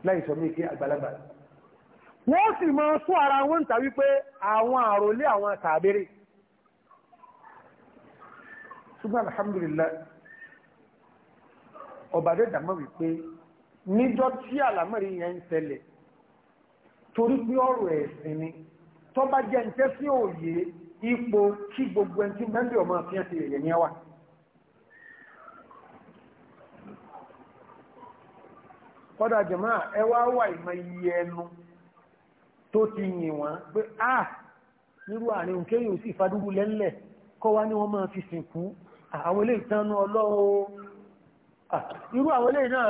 Speaker 1: láì sọ mí pé àgbàlagbà rẹ̀. wọ́n sì máa sún ara wọn pé àwọn àwọn àròlé àwọn àtàbẹ̀rẹ̀ ṣùgbọ́n alhamdulillah ọbàdé wípé níjọ́ tí àlàmọ́rí yẹn ń tẹ́lẹ̀ torí pé ọ̀rọ̀ ẹ̀sìn ni tó bá jẹ́ sí òye ipò kí gbogbo ẹni tí ọmọ ní ẹwà kọ́dà tó ti yìn wọ́n pé à nírú àárín kéyìn sí ìfadúgbù lẹ́lẹ̀ kọ́ wá ní wọ́n máa fi sìnkú àwọn ilé ìtanú ọlọ́wọ́ irú àwọn ilé náà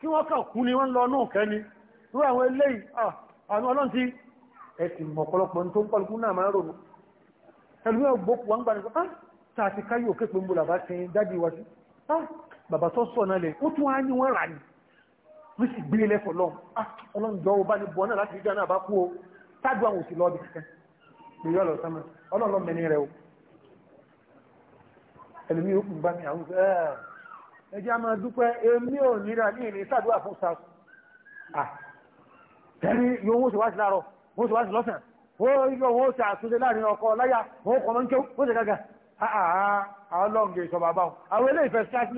Speaker 1: tí wọ́n kàn kú ni wọ́n lọ náà kẹ́ni irú àwọn ilé àwọn ọlọ́n ti ẹ̀sìn mọ̀pọ̀lọpọ̀ tó ń pọ̀lùkú náà máa rònú ẹlùmí ọgbọ́pù wọn gbà ní ah tààtì káyò képe ń bò làbá ah bàbá sọ́sọ́ náà lè ó tún wọ́n sì gbé lẹ́fọ̀ lọ ah, ọlọ́njọ́ ọba ní bọ́ náà láti rí dáná àbá kú o tájú àwọn òsì lọ́ọ̀dì kankan lórí ọ̀lọ́ sọ́mọ rẹ o ẹlòmí ó bá mi àwọn ẹ a nira ní fún ah, yóò wọ́n sì wá sí láàárọ̀ wọ́n sì wá sí lọ́sàn ó yọ wọ́n sì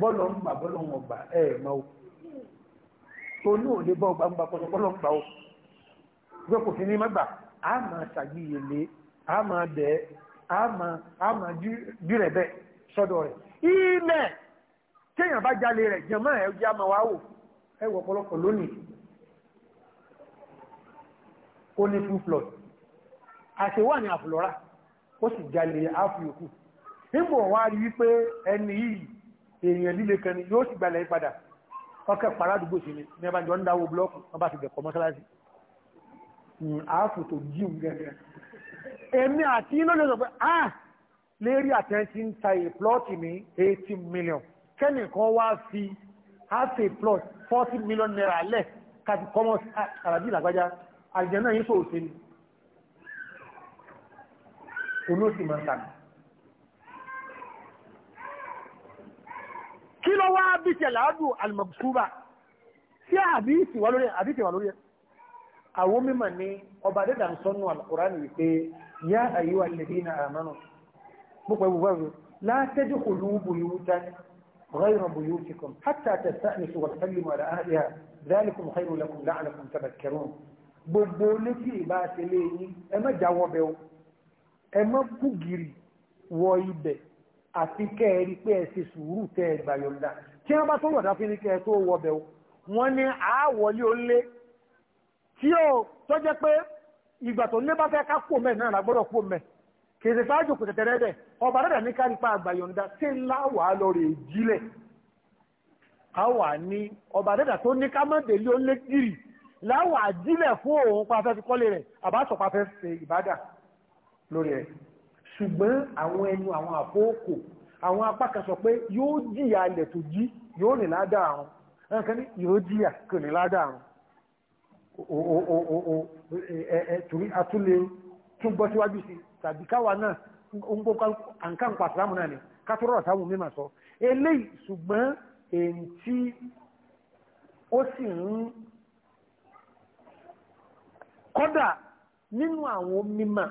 Speaker 1: bọ́ọ̀lù ń gbà bọ́ọ̀lù ń gbà ẹ̀ mọ́ o tó ní òde bọ́ọ̀ gbà ń gbà pọ̀tọ̀ bọ́ọ̀lù ń gbà o gbé kò sí ní mẹ́gbà á máa ṣàgbéyèlé á máa bẹ̀ ẹ́ á máa á máa jú rẹ̀ bẹ́ẹ̀ sọ́dọ̀ rẹ̀ ilẹ̀ kéèyàn bá jalè rẹ̀ jẹ̀mọ́ ẹ̀ jẹ́ àmọ́ wa wò ẹ wọ ọ̀pọ̀lọpọ̀ lónìí ó ní two flood àṣewà ní àfùlọ́rà ó sì jalè áfíòkù nígbò wá rí wípé ẹni yìí èèyàn líle kan ni yóò sì gbalẹ̀ padà ọkẹ́ para àdúgbò sí ni ní ẹbá jọ ń dáwó búlọ́ọ̀kù wọ́n bá ti dẹ̀kọ̀ mọ́sálásí àáfù hmm, tó jíun gẹ́gẹ́ èmi àti iná lè sọ pé ah lérí àtẹ́ntì ń ta ìplọ́ọ̀tì ní eighty million kẹ́nìkan wá fi half a plot forty million naira lẹ̀ káti kọ́mọ́ àràbí ìlàgbájá àjẹ́ náà yín sòwò sí ni olóòsì máa ń tàbí kí ló wá bí ti àlàádù alìmọ̀kúbà sí àdíìsì wà lórí àdíìsì wà lórí ẹ̀ àwọn mímọ̀ ní ọba dẹ́dà ń sọ́nù alìkùránì wípé yá àyíwá alladhina amanu mo pẹ̀ bùbá rẹ̀ la tadkhulu buyutan ghayra buyutikum hatta tasta'nisu wa tusallimu ala ahliha àti kẹ́ẹ̀rí pé ẹ ṣe sùúrù tẹ́ ẹ gbà yọ̀ǹda tí wọ́n bá tó yọ̀ǹda fi ní kẹ́ ẹ tó wọ bẹ̀ o wọ́n ní àáwọ̀lé ó lé tí ó tó jẹ́ pé ìgbà tó lé bá fẹ́ ká kó mẹ́ náà lágbọ́dọ̀ kó mẹ́ kèsè fáájò kò tẹ̀tẹ̀rẹ́ bẹ̀ ọba dàdà ní kárípa àgbà yọ̀ǹda tí ńlá wà á lọ rè jílẹ̀ a wà ní ọba dàdà tó ní ká mọ́dé lé ó lé kiri láwà jílẹ̀ fún òun pa afẹ́ fi kọ́lé rẹ̀ àbá sọ pa afẹ́ fi ìbádà lórí rẹ̀ ṣùgbọ́n àwọn ẹnu àwọn àfóókò àwọn apákan sọ pé yóò jìyà ilẹ̀ tó jí yóò ní ládà àrùn ẹnìkan ní yóò jìyà kò ní ládà àrùn e, e, e, torí atúlẹ̀ tún bọ́ síwájú sí tàbí káwa náà ń gbọ́ àǹkà ń pa sàlámù náà ni kátọ́rọ̀ táwọn mímọ̀ sọ eléyìí ṣùgbọ́n èyí tí ó sì ń kọ́dà nínú àwọn mímọ̀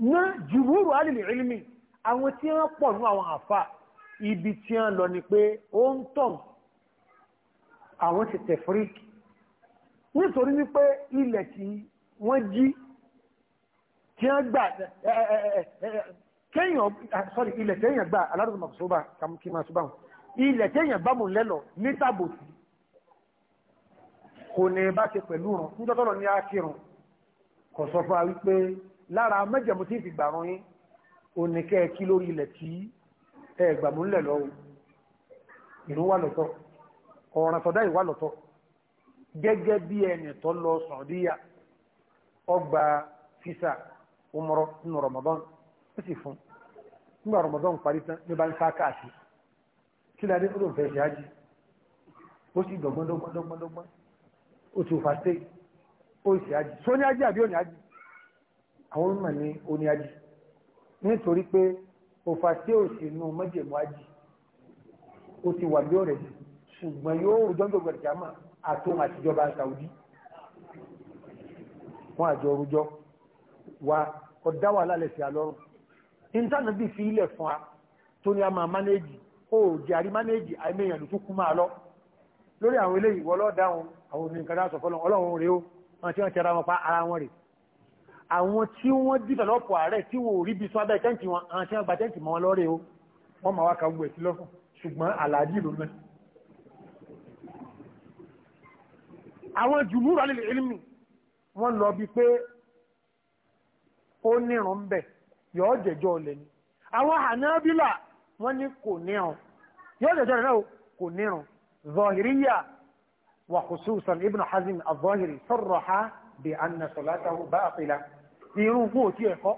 Speaker 1: ná jùmúrù alìlẹ̀ ìlmi àwọn tí wọ́n pọ̀ ní àwọn àfà ibi tí wọ́n lọ ni pé ó ń tọ̀ àwọn ti tẹ̀fríkì nítorí wípé ilẹ̀ tí wọ́n jí tí wọ́n gbà kéèyàn sorry ilẹ̀ téèyàn gbà alárùn màṣúbà kí máa ṣúbà wọn ilẹ̀ téèyàn bá mọ̀ lẹ́lọ ní tàbòtì kò ní bá ṣe pẹ̀lú ràn nítorí ọ̀nà ní á kò sọ fún wa wípé lára mẹ́jẹ̀mú tí fi gbàrún yín oníkẹ́ kí lórí ilẹ̀ tí ẹ gbàmúlẹ̀ lọ ìrún wà lọ́tọ̀ ọ̀ràn tọ́dá ìwà lọ́tọ̀ gẹ́gẹ́ bí ẹni tó lọ sọ̀díyà ọgbà fisa umrọ nínú Ramadan ó sì fún nígbà Ramadan parí tán ní bá ń sá káàkiri kí ládé ó ló ń fẹ́ ṣe ájì ó sì dọ̀gbọ́n ó ti fà sí ó sì ájì sọ ájì àbí ò ájì àwọn onímọ̀ ní oní ájì nítorí pé òfà tí ò sí inú mọ́jẹ̀mú ájì ó ti wà bí ọ̀rẹ́ ṣùgbọ́n yóò rújọ́ gbogbo ẹ̀jẹ̀ àmà àtijọba Saudi wọn àjọ rújọ́ wa ọ̀dá wà lálẹ́ sí alọ́rùn intanẹ́tì fi ilẹ̀ fún wa tó ní a máa mánéjì ó jẹ́ àrí mánéjì àìmẹ́yàn ló tún kú máa lọ lórí àwọn eléyìí wọ́n dáhùn àwọn obìnrin dáhùn sọ̀kọ́ ọlọ́run rèé ó wọn tí wọ́n ti ara wọn pa ara wọn rèé àwọn tí wọ́n dìtọ̀lọ́pọ̀ ààrẹ tí wọ́n rí bí sọ́bẹ̀ tẹ́ǹtì wọn àwọn tí wọ́n gba tẹ́ǹtì mọ́ lọ́rẹ̀ o wọ́n ma wá ka gbogbo ẹ̀sí lọ́fún ṣùgbọ́n àlàájì ló mẹ́ àwọn jùmúrù alìlẹ̀ ilmi wọ́n lọ bí pé ó nírun bẹ̀ yọ́ jẹjọ́ ọlẹ̀ ni àwọn Hanabila wọ́n ní kò nírun yọ́ jẹjọ́ ọlẹ̀ náà kò nírun zọ̀hìríyà wà khususan Ibn Hazm al-Zahiri sarraha bi anna salatahu batila irun fún òtí ẹ̀kọ́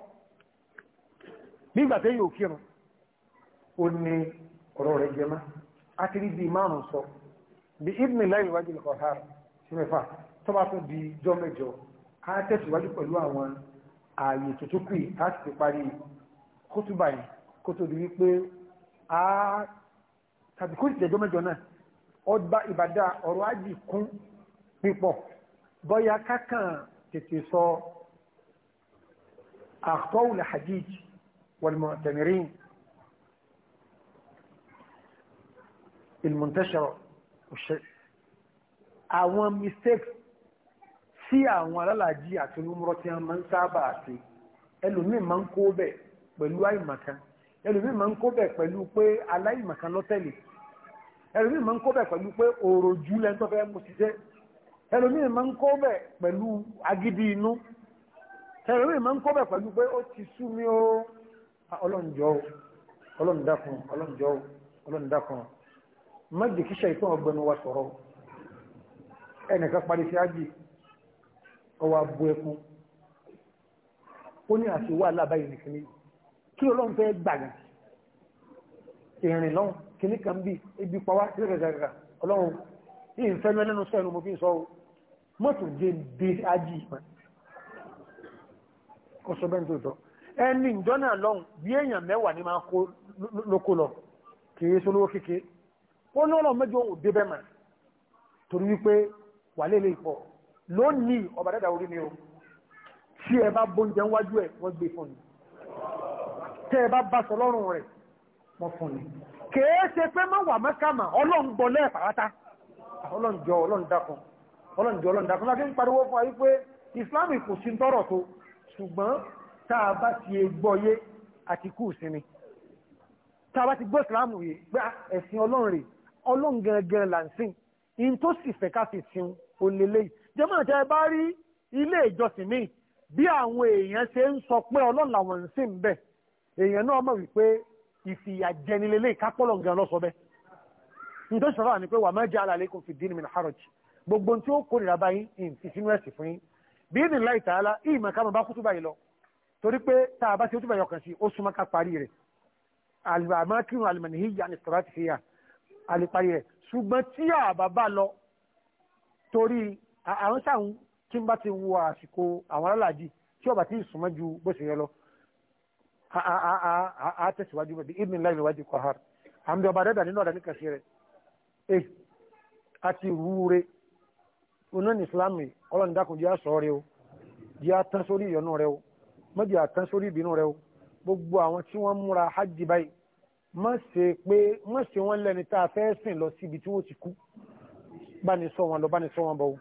Speaker 1: nígbàtẹ́ yóò kírun ó ní ọ̀rọ̀ rẹ̀ jẹma àti rí bí márùn sọ bí ibn láì wájú lọ́kọ̀ hàr sí mẹ́fà tó bá tún di jọ mẹ́jọ á tẹ̀síwájú pẹ̀lú àwọn ààyè tó tó kùí á sì parí kótúbà yìí kó tó di wípé á tàbí kó sì tẹ̀jọ mẹ́jọ náà ọba ìbàdà ọ̀rọ̀ ajì kún pípọ̀ bọ́yá kákàn tètè sọ أخطأوا الحجيج والمعتمرين المنتشرة àwọn mistakes tí àwọn alálàájí àti olúmọ́rọ́ tí wọ́n máa ń sábà àti ẹlòmí máa ń kó bẹ̀ pẹ̀lú àìmọ̀kan ẹlòmí máa ń kó bẹ̀ pẹ̀lú pé aláìmọ̀kan lọ́tẹ̀lẹ̀ ẹlòmí máa ń kó bẹ̀ pẹ̀lú pé òròjú lẹ́ntọ́fẹ́ mú ṣiṣẹ́ ẹlòmí máa ń kó bẹ̀ pẹ̀lú agídí inú tẹ̀lé ma ń kọ́ bẹ̀ pẹ̀lú pé ó ti sú mi ó ọlọ́njọ́ ọlọ́ndàkùn ọlọ́njọ́ ọlọ́ndàkùn mẹ́jì kíṣẹ́ ìtàn ọgbẹ̀nu wa sọ̀rọ̀ ẹnìkan parí sí ájì ọwọ́ abú ẹkún ó ní àti wà lábáyé nìkan ní kí ọlọ́run fẹ́ gbàgà ìrìn lọ́hùn kìíní kan bí ibi pa wá gẹ́gẹ́gẹ́gẹ́ ọlọ́run yìí fẹ́ mẹ́lẹ́nu sọ mo fi ń sọ mọ́tò dé dé ájì ìpàdé kò sọ bẹ́ẹ̀ nítòótọ́ ẹni ìjọ́nà lọ́hùn bí èèyàn mẹ́wàá ní máa kó lóko lọ kìí sólówó kéke ó lọ́rọ̀ mẹ́jọ ò débẹ̀ mà torí wípé wà lélẹ̀ ìpọ̀ lónìí ọba dẹ́dà orí mi o tí ẹ bá bóúnjẹ wájú ẹ wọ́n gbé fún ni tẹ́ ẹ bá bá sọ lọ́rùn rẹ̀ wọ́n fún ni kìí ṣe pé má wà mẹ́kàmà ọlọ́run gbọ́ lẹ́ẹ̀pàrátá ọlọ́run jọ ọlọ́run dákun ọlọ́run jọ ọlọ́run dákun lákì ń pariwo fún wa wípé Islam kò sí tọrọ tó ṣùgbọ́n tá a bá ti gbọ́yé àti kú ìsinmi tá a bá ti gbọ́ ìsìlámù yìí pé ẹ̀sìn ọlọ́run rè ọlọ́run gẹ̀rẹ́gẹ̀rẹ́ là ń sìn in tó sì fẹ́ ká fi sin olélé yìí jẹ́mọ̀ tẹ́ ẹ bá rí ilé ìjọsìn míì bí àwọn èèyàn ṣe ń sọ pé ọlọ́run làwọn ń sìn bẹ́ẹ̀ bí ní láì tààlà ìmọ̀ ká mọ̀ bá kútùbà yìí lọ torí pé tá a bá ṣe kútùbà yìí ọkàn sí ó súnmọ́ ká parí rẹ̀ àmọ́kírun alìmọ̀nìyí àni sọ̀rọ̀ àti fìyà àlìparí rẹ̀ ṣùgbọ́n tí a bá bá lọ torí àwọn sáwọn tí ń bá ti wo àsìkò àwọn alálàájì tí ọba ti súnmọ́ ju bó ṣe yẹ lọ a tẹ̀síwájú bẹ̀bí ìdí láì níwájú kọ̀hár àmì ọba dẹ́dà nínú ọ̀dà níkàṣẹ́ rẹ̀ àti eh, rúure oná ní islam yìí ọlọ́run dákun jẹ́ àṣọ rẹ o jẹ́ àtán sórí ìyọnu rẹ o má jẹ́ àtán sórí ìbínú rẹ o gbogbo àwọn tí wọ́n múra hajj báyìí má ṣe pé má ṣe wọ́n lẹ́ni tá a fẹ́ sìn lọ síbi tí wọ́n ti kú bá ní sọ wọn lọ bá ní sọ wọn bọ̀ o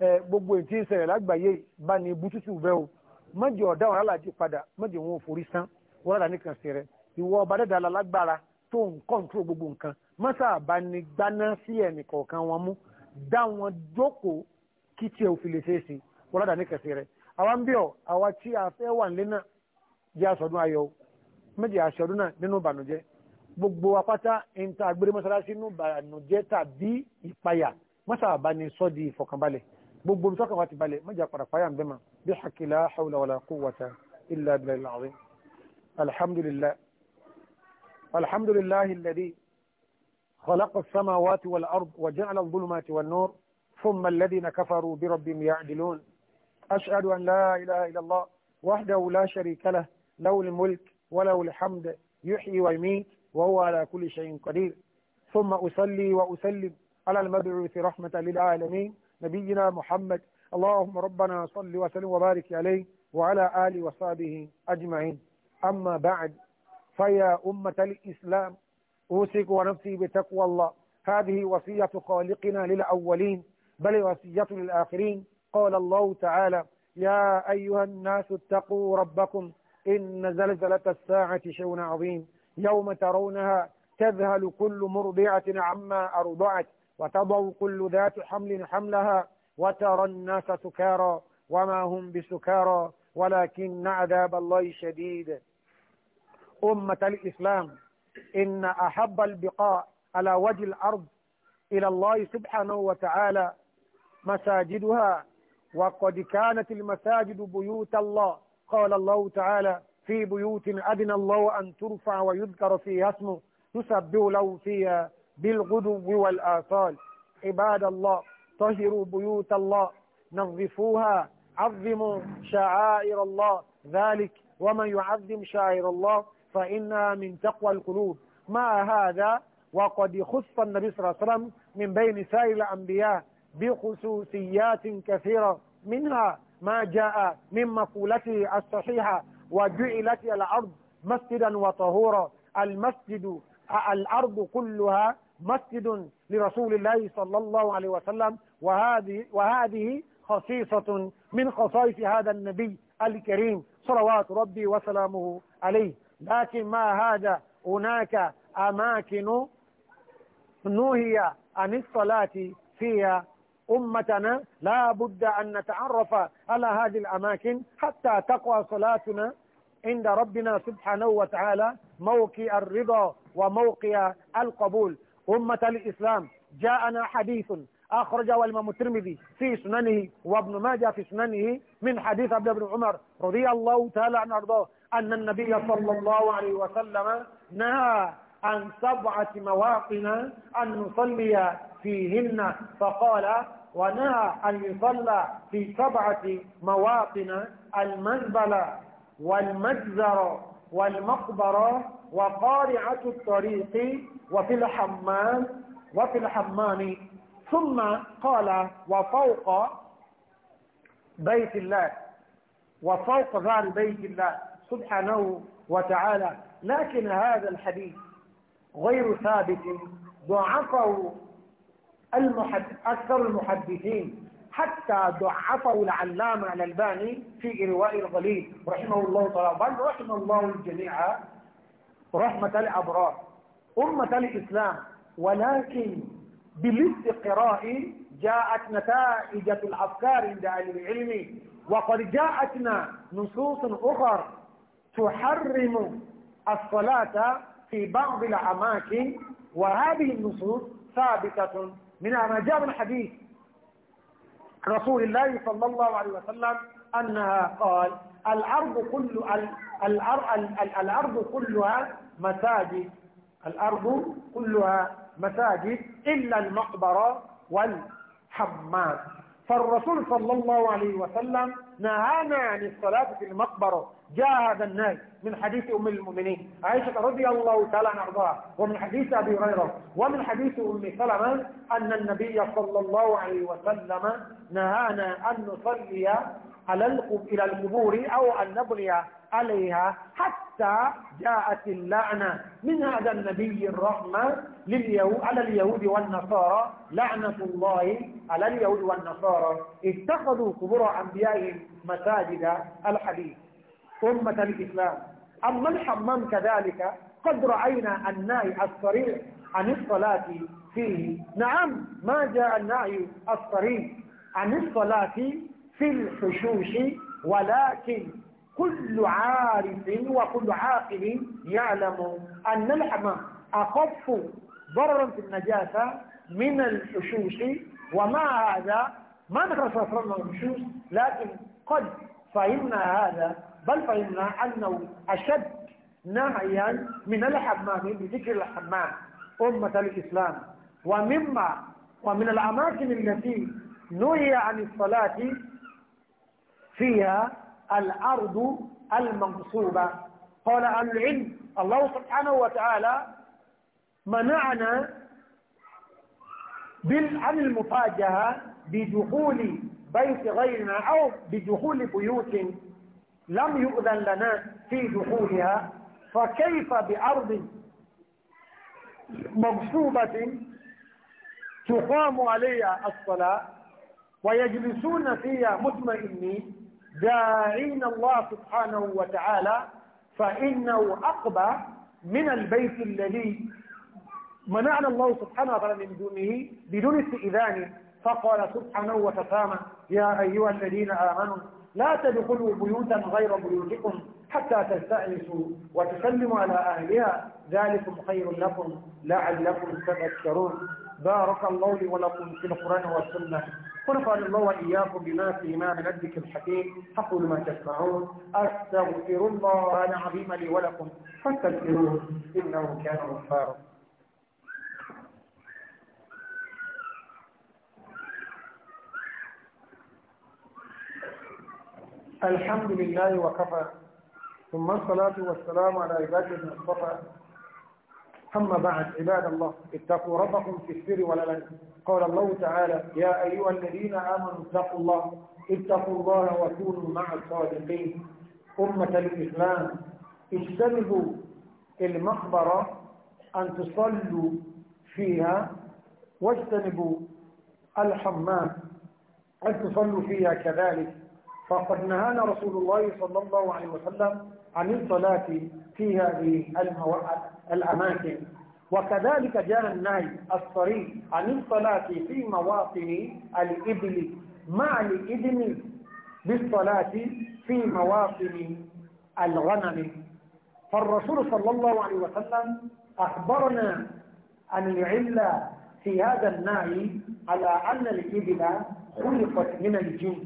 Speaker 1: ẹ gbogbo èyí ń ṣẹlẹ̀ lágbàáyé bá bututu bẹ́ o má jẹ́ ọ̀dá wọn aláàjì padà má jẹ́ wọn forí sán wọn rà nìkan sí rẹ ìwọ ọba dẹ́dàá lágbára tó ń kọ́ńtró gbogbo nǹkan má sáà bá ní gbaná sí ẹnì kọ̀ọ̀kan wọn mú dá wọn jókòó kí tiẹ̀ òfin lè ṣeé ṣe wọ́n lọ́dà ní kẹsì rẹ̀ àwa ń bí ọ àwa tí a fẹ́ wà nílé náà jẹ́ aṣọ́dún ayọ̀ méjì aṣọ́dún náà nínú ìbànújẹ́ gbogbo apáta ìta agbére mọ́sálásí nínú ìbànújẹ́ tàbí ìpayà mọ́sàbá ni sọ́ di ìfọ̀kànbalẹ̀ gbogbo ìtọ́kàn wa ti balẹ̀ méjì apàdà páyà ń bẹ́mà bí hakila hawla wala quwwata illa billahi alhamdulillah alhamdulillah خلق السماوات والأرض وجعل الظلمات والنور ثم الذين كفروا بربهم يعدلون أشهد أن لا إله إلا الله وحده لا شريك له له الملك وله الحمد يحيي ويميت وهو على كل شيء قدير ثم أصلي وأسلم على المبعوث رحمة للعالمين نبينا محمد اللهم ربنا صل وسلم وبارك عليه وعلى آله وصحبه أجمعين أما بعد فيا أمة الإسلام أوصيك ونفسي بتقوى الله هذه وصية خالقنا للأولين بل وصية للآخرين قال الله تعالى يا أيها الناس اتقوا ربكم إن زلزلة الساعة شون عظيم يوم ترونها تذهل كل مرضعة عما أرضعت وتضع كل ذات حمل حملها وترى الناس سكارى وما هم بسكارى ولكن عذاب الله شديد أمة الإسلام إن أحب البقاء على وجه الأرض إلى الله سبحانه وتعالى مساجدها وقد كانت المساجد بيوت الله قال الله تعالى في بيوت أدنى الله أن ترفع ويذكر فيها اسمه يسبه له فيها بالغدو والآصال عباد الله طهروا بيوت الله نظفوها عظموا شعائر الله ذلك ومن يعظم شعائر الله فإنها من تقوى القلوب ما هذا وقد خص النبي صلى الله عليه وسلم من بين سائر الأنبياء بخصوصيات كثيرة منها ما جاء من مقولته الصحيحة وجعلت الأرض مسجدا وطهورا المسجد الأرض كلها مسجد لرسول الله صلى الله عليه وسلم وهذه, وهذه خصيصة من خصائص هذا النبي الكريم صلوات ربي وسلامه عليه لكن ما هذا هناك أماكن نهي عن الصلاة فيها أمتنا لا بد أن نتعرف على هذه الأماكن حتى تقوى صلاتنا عند ربنا سبحانه وتعالى موقع الرضا وموقع القبول أمة الإسلام جاءنا حديث أخرجه الإمام الترمذي في سننه وابن ماجه في سننه من حديث عبد بن عمر رضي الله تعالى عنه أرضاه أن النبي صلى الله عليه وسلم نهى عن سبعة مواطن أن نصلي فيهن فقال ونهى أن يصلى في سبعة مواطن المزبلة والمجزر والمقبرة وقارعة الطريق وفي الحمام وفي الحمام ثم قال وفوق بيت الله وفوق ذال بيت الله سبحانه وتعالى لكن هذا الحديث غير ثابت ضعفه المحدث أكثر المحدثين حتى ضعفه العلامة الألباني في إرواء الغليل رحمه الله تعالى بل رحم الله الجميع رحمة الأبرار أمة الإسلام ولكن بالاستقراء جاءت نتائج الأفكار عند أهل العلم وقد جاءتنا نصوص أخر تحرم الصلاة في بعض الأماكن وهذه النصوص ثابتة من ما جاء من حديث رسول الله صلى الله عليه وسلم أنها قال الأرض كل الأرض كلها مساجد الأرض كلها مساجد إلا المقبرة والحمام فالرسول صلى الله عليه وسلم نهانا عن الصلاة في المقبرة جاء هذا الناس من حديث أم المؤمنين عائشة رضي الله تعالى عنها ومن حديث أبي هريرة ومن حديث أم سلمة أن النبي صلى الله عليه وسلم نهانا أن نصلي على الى القبور أو أن نبني عليها حتى جاءت اللعنة من هذا النبي الرحمة لليهود على اليهود والنصارى لعنة الله على اليهود والنصارى اتخذوا قبور أنبيائهم مساجد الحديث أمة الإسلام أما الحمام كذلك قد رأينا النهي الصريح عن الصلاة فيه نعم ما جاء النهي الصريح عن الصلاة في الحشوش ولكن كل عارف وكل عاقل يعلم أن الحمام أخف ضررا في النجاسة من الحشوش ومع هذا ما ذكر صلى الله عليه وسلم الحشوش لكن قد فهمنا هذا بل فهمنا أنه أشد نهيا من الحمام بذكر الحمام أمة الإسلام ومما ومن الأماكن التي نهي عن الصلاة فيها الأرض المغصوبة قال عن العلم الله سبحانه وتعالى منعنا عن المفاجهة بدخول بيت غيرنا أو بدخول بيوت لم يؤذن لنا في دخولها فكيف بأرض مغصوبة تقام عليها الصلاة ويجلسون فيها مطمئنين داعين الله سبحانه وتعالى فإنه أقبى من البيت الذي منعنا الله سبحانه وتعالى من دونه بدون استئذان فقال سبحانه وتعالى يا أيها الذين آمنوا لا تدخلوا بيوتا غير بيوتكم حتى تستأنسوا وتسلموا على أهلها ذلكم خير لكم لعلكم تذكرون بارك الله لي ولكم في القرآن والسنة ونفعل الله وإياكم بما في من الذكر الحكيم أقول ما تسمعون أستغفر الله العظيم لي ولكم فاستغفروه إنه كان غفارا الحمد لله وكفى ثم الصلاة والسلام على عباد المصطفى أما بعد عباد الله اتقوا ربكم في السر والعلن قال الله تعالى يا أيها الذين آمنوا اتقوا الله اتقوا الله وكونوا مع الصادقين أمة الإسلام اجتنبوا المقبرة أن تصلوا فيها واجتنبوا الحمام أن تصلوا فيها كذلك فقد نهانا رسول الله صلى الله عليه وسلم عن الصلاة في هذه الأماكن وكذلك جاء النهي الصريح عن الصلاة في مواطن الإبل مع الإذن بالصلاة في مواطن الغنم فالرسول صلى الله عليه وسلم أخبرنا أن العلة في هذا النهي على أن الإبل خلقت من الجن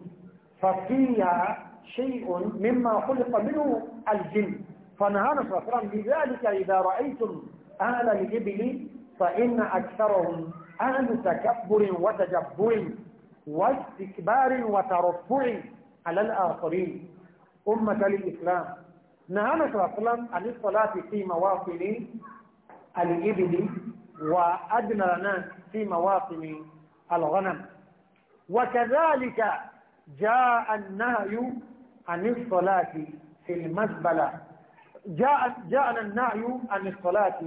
Speaker 1: ففيها شيء مما خلق منه الجن فنهانا صلى الله عليه لذلك إذا رأيتم أهل الإبل فإن أكثرهم أهل تكبر وتجبر واستكبار وترفع على الآخرين أمة الإسلام نهانا صلى الله عليه عن الصلاة في مواطن الإبل وأدنى لنا في مواطن الغنم وكذلك جاء النهي عن الصلاة في المزبلة جاء جاءنا النعي عن الصلاة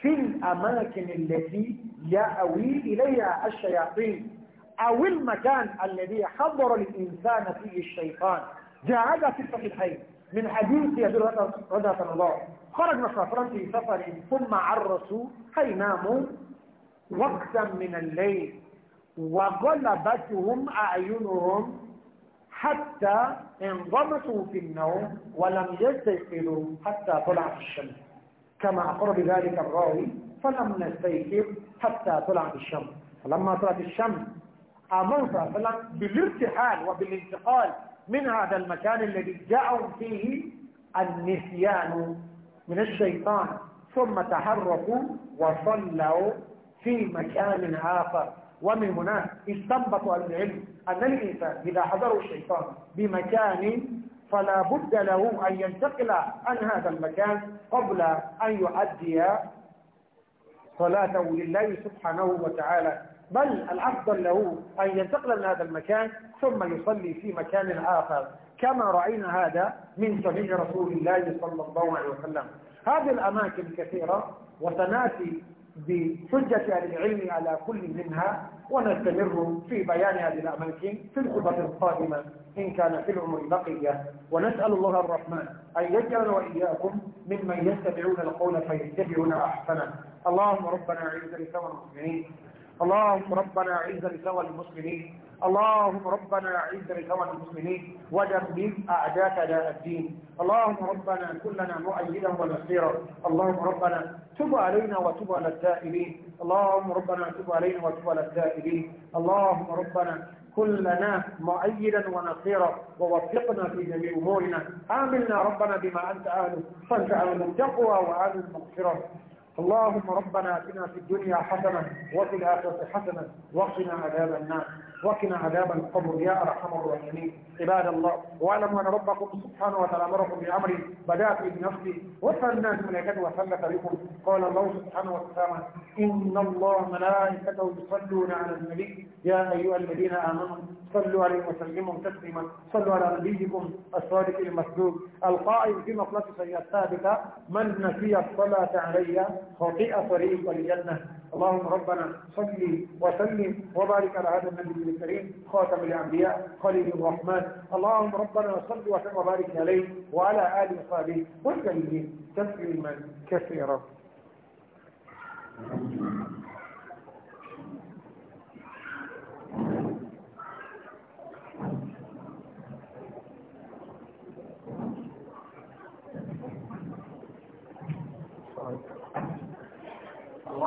Speaker 1: في الأماكن التي يأوي إليها الشياطين أو المكان الذي حضر الإنسان فيه الشيطان جاء هذا في الصحيحين من حديث يدور رضا الله خرج مسافرا في سفر ثم عرسوا كي ناموا وقتا من الليل وغلبتهم أعينهم حتى انغمسوا في النوم ولم يستيقظوا حتى طلعت الشمس كما أقر بذلك الراوي فلم نستيقظ حتى طلعت الشمس فلما طلعت الشمس آمن صلى الله بالارتحال وبالانتقال من هذا المكان الذي جاءوا فيه النسيان من الشيطان ثم تحركوا وصلوا في مكان آخر ومن هناك اهل العلم أن الإنسان إذا حضره الشيطان بمكان فلا بد له أن ينتقل عن هذا المكان قبل أن يؤدي صلاته لله سبحانه وتعالى بل الأفضل له أن ينتقل من هذا المكان ثم يصلي في مكان آخر كما رأينا هذا من صحيح رسول الله صلى الله عليه وسلم هذه الأماكن كثيرة وسناتي بحجة العلم على كل منها ونستمر في بيان هذه الأماكن في الخطبة القادمة إن كان في العمر بقية ونسأل الله الرحمن أن يجعل وإياكم ممن يتبعون القول فيتبعون أحسنه اللهم ربنا أعز لسوى المسلمين اللهم ربنا أعز لسوى المسلمين اللهم ربنا أعز لثوى المسلمين ودمر أعداءك أعداء الدين اللهم ربنا كلنا مؤيدا ونصيرا اللهم ربنا تب علينا وتب على التائبين اللهم ربنا تب علينا وتب على التائبين اللهم ربنا كلنا مؤيدا ونصيرا ووفقنا في جميع أمورنا آمنا ربنا بما أنت أهله فاجعلنا التقوى وأهل المغفرة اللهم ربنا اتنا في الدنيا حسنة وفي الآخرة حسنة وقنا عذاب النار وقنا عذاب القبر يا أرحم الراحمين عباد الله واعلموا أن ربكم سبحانه وتعالى أمركم بأمر بدات بنفسي وصل الناس ملائكته وسلك بكم قال الله سبحانه وتعالى إن الله ملائكته يصلون على النبي يا أيها الذين آمنوا صلوا عليه وسلموا تسليما صلوا على نبيكم الصادق المسدود القائم في مخلص سيئة ثابتة من نسي الصلاة علي خطيئة طريق الجنة اللهم ربنا صلي وسلم وبارك على هذا النبي الكريم خاتم الأنبياء خليل الرحمن اللهم ربنا صل وسلم وبارك عليه وعلى آله وصحبه وسلم تسليما كثيرا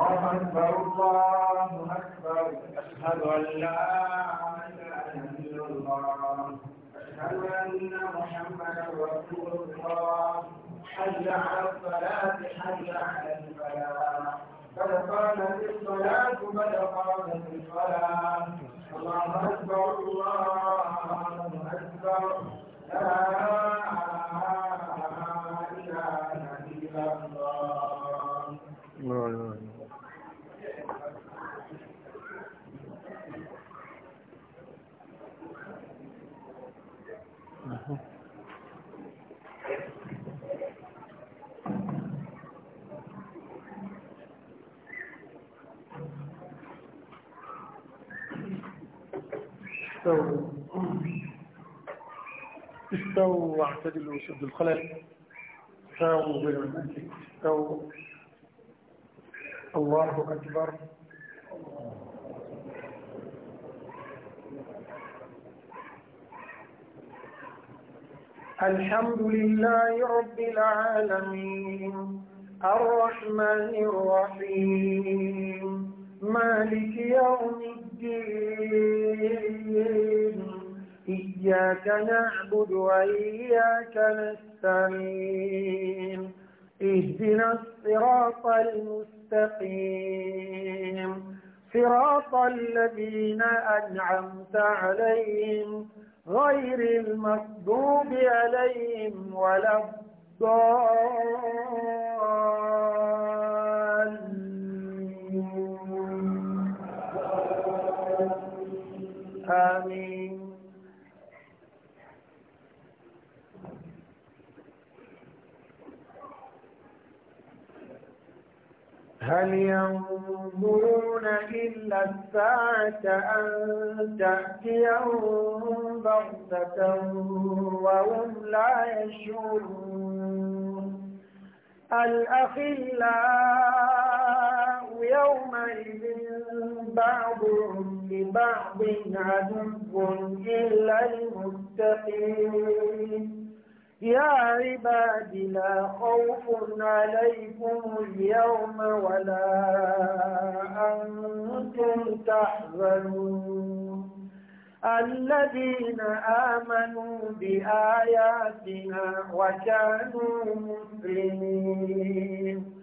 Speaker 2: الله أكبر الله أكبر
Speaker 1: أشهد أن لا إله إلا
Speaker 2: الله
Speaker 1: أشهد أن محمدا رسول الله حي على الصلاة حي على الفلاح قد قامت الصلاة قد قامت الصلاة
Speaker 2: الله أكبر الله أكبر لا إله استو
Speaker 1: استووا واعتدلوا سد الخلل بين بالمنطق استو الله أكبر الحمد لله رب العالمين الرحمن الرحيم مالك يوم الدين الدين إياك نعبد وإياك نستعين اهدنا الصراط المستقيم صراط الذين أنعمت عليهم غير المغضوب عليهم ولا الضالين
Speaker 2: آمين
Speaker 1: هل ينظرون إلا الساعة أن تأتيهم بغتة وهم لا يشعرون الأخلاء يومئذ بعضهم لبعض عدو إلا المتقين يا عباد لا خوف عليكم اليوم ولا أنتم تحزنون الذين آمنوا بآياتنا وكانوا مسلمين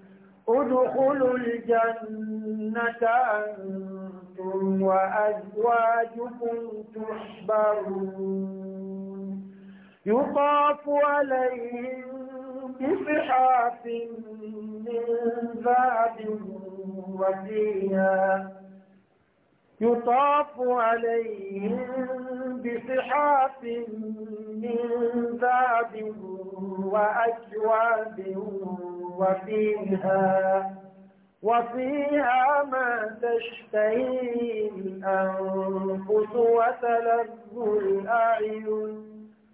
Speaker 1: ادخلوا الجنة أنتم وأزواجكم تحبرون يطاف عليهم بصحاف من ذاب وفيها يطاف عليهم بصحاف من ذاب وأكواب وفيها وفيها ما تشتهي الأنفس وتلذ الأعين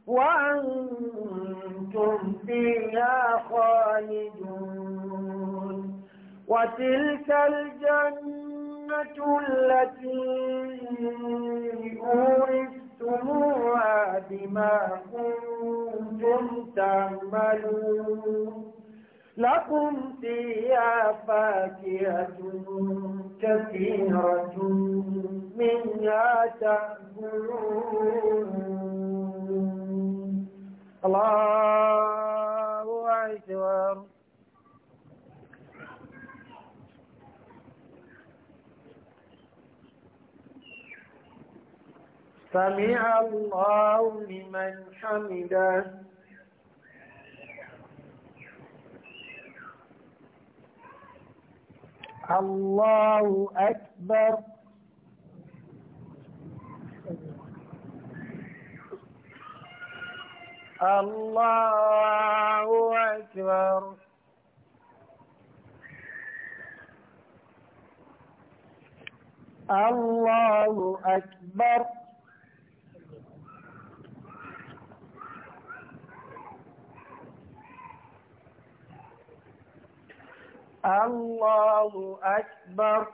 Speaker 1: وأنتم فيها خالدون وتلك الجنة التي أورثتموها بما كنتم تعملون لكم فيها فاكهة كثيرة منها تأكلون الله أكبر
Speaker 2: سمع
Speaker 1: الله لمن حمده الله أكبر الله أكبر الله أكبر الله أكبر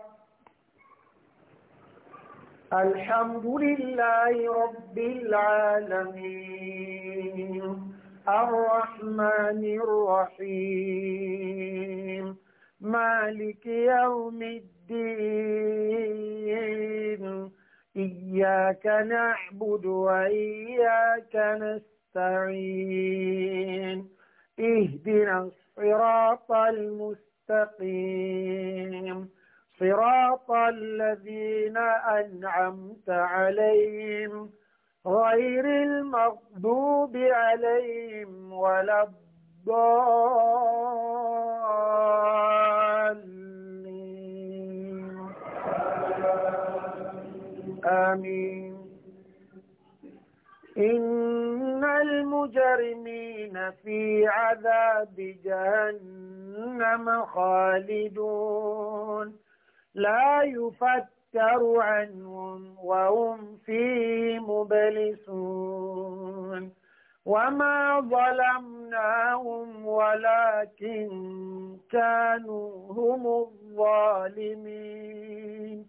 Speaker 1: الحمد لله رب العالمين الرحمن الرحيم مالك يوم الدين إياك نعبد وإياك نستعين اهدنا الصراط المستقيم مستقيم صراط الذين أنعمت عليهم غير المغضوب عليهم ولا الضالين آمين إن المجرمين في عذاب جهنم جهنم خالدون لا يفتر عنهم وهم فيه مبلسون وما ظلمناهم ولكن كانوا هم الظالمين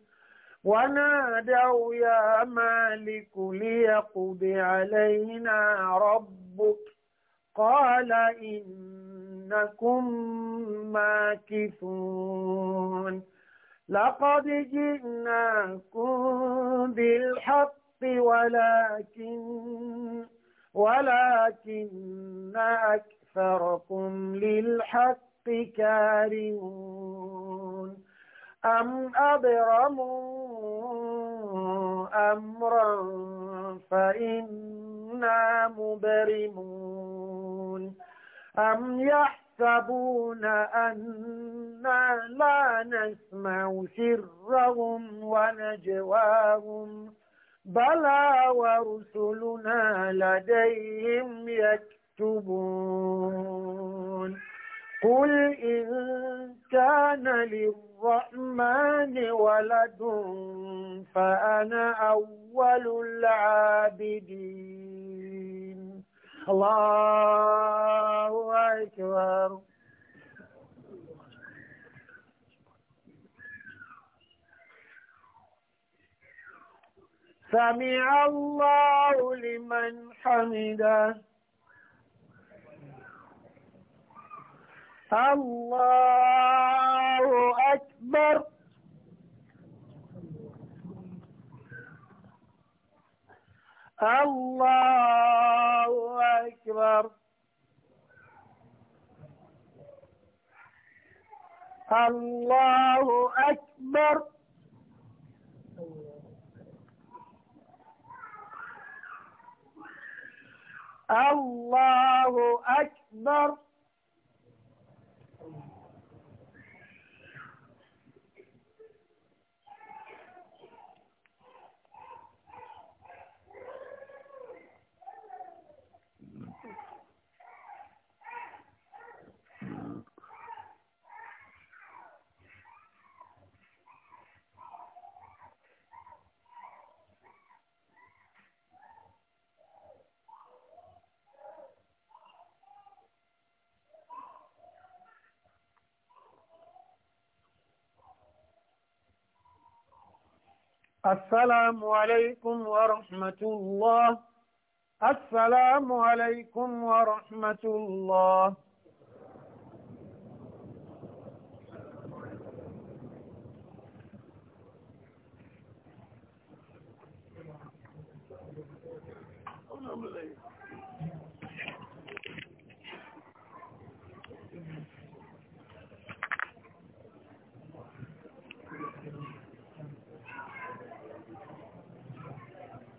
Speaker 1: ونادوا يا مالك ليقض علينا ربك قال إنكم ماكثون لقد جئناكم بالحق ولكن ولكن أكثركم للحق كارهون أم أبرموا أمرا فإنا مبرمون أم يحسبون أنا لا نسمع سرهم ونجواهم بلى ورسلنا لديهم يكتبون قل إن كان للرحمن ولد فأنا أول العابدين الله أكبر سمع الله لمن حمده الله أكبر الله أكبر الله أكبر الله أكبر السلام عليكم ورحمة الله السلام عليكم ورحمة الله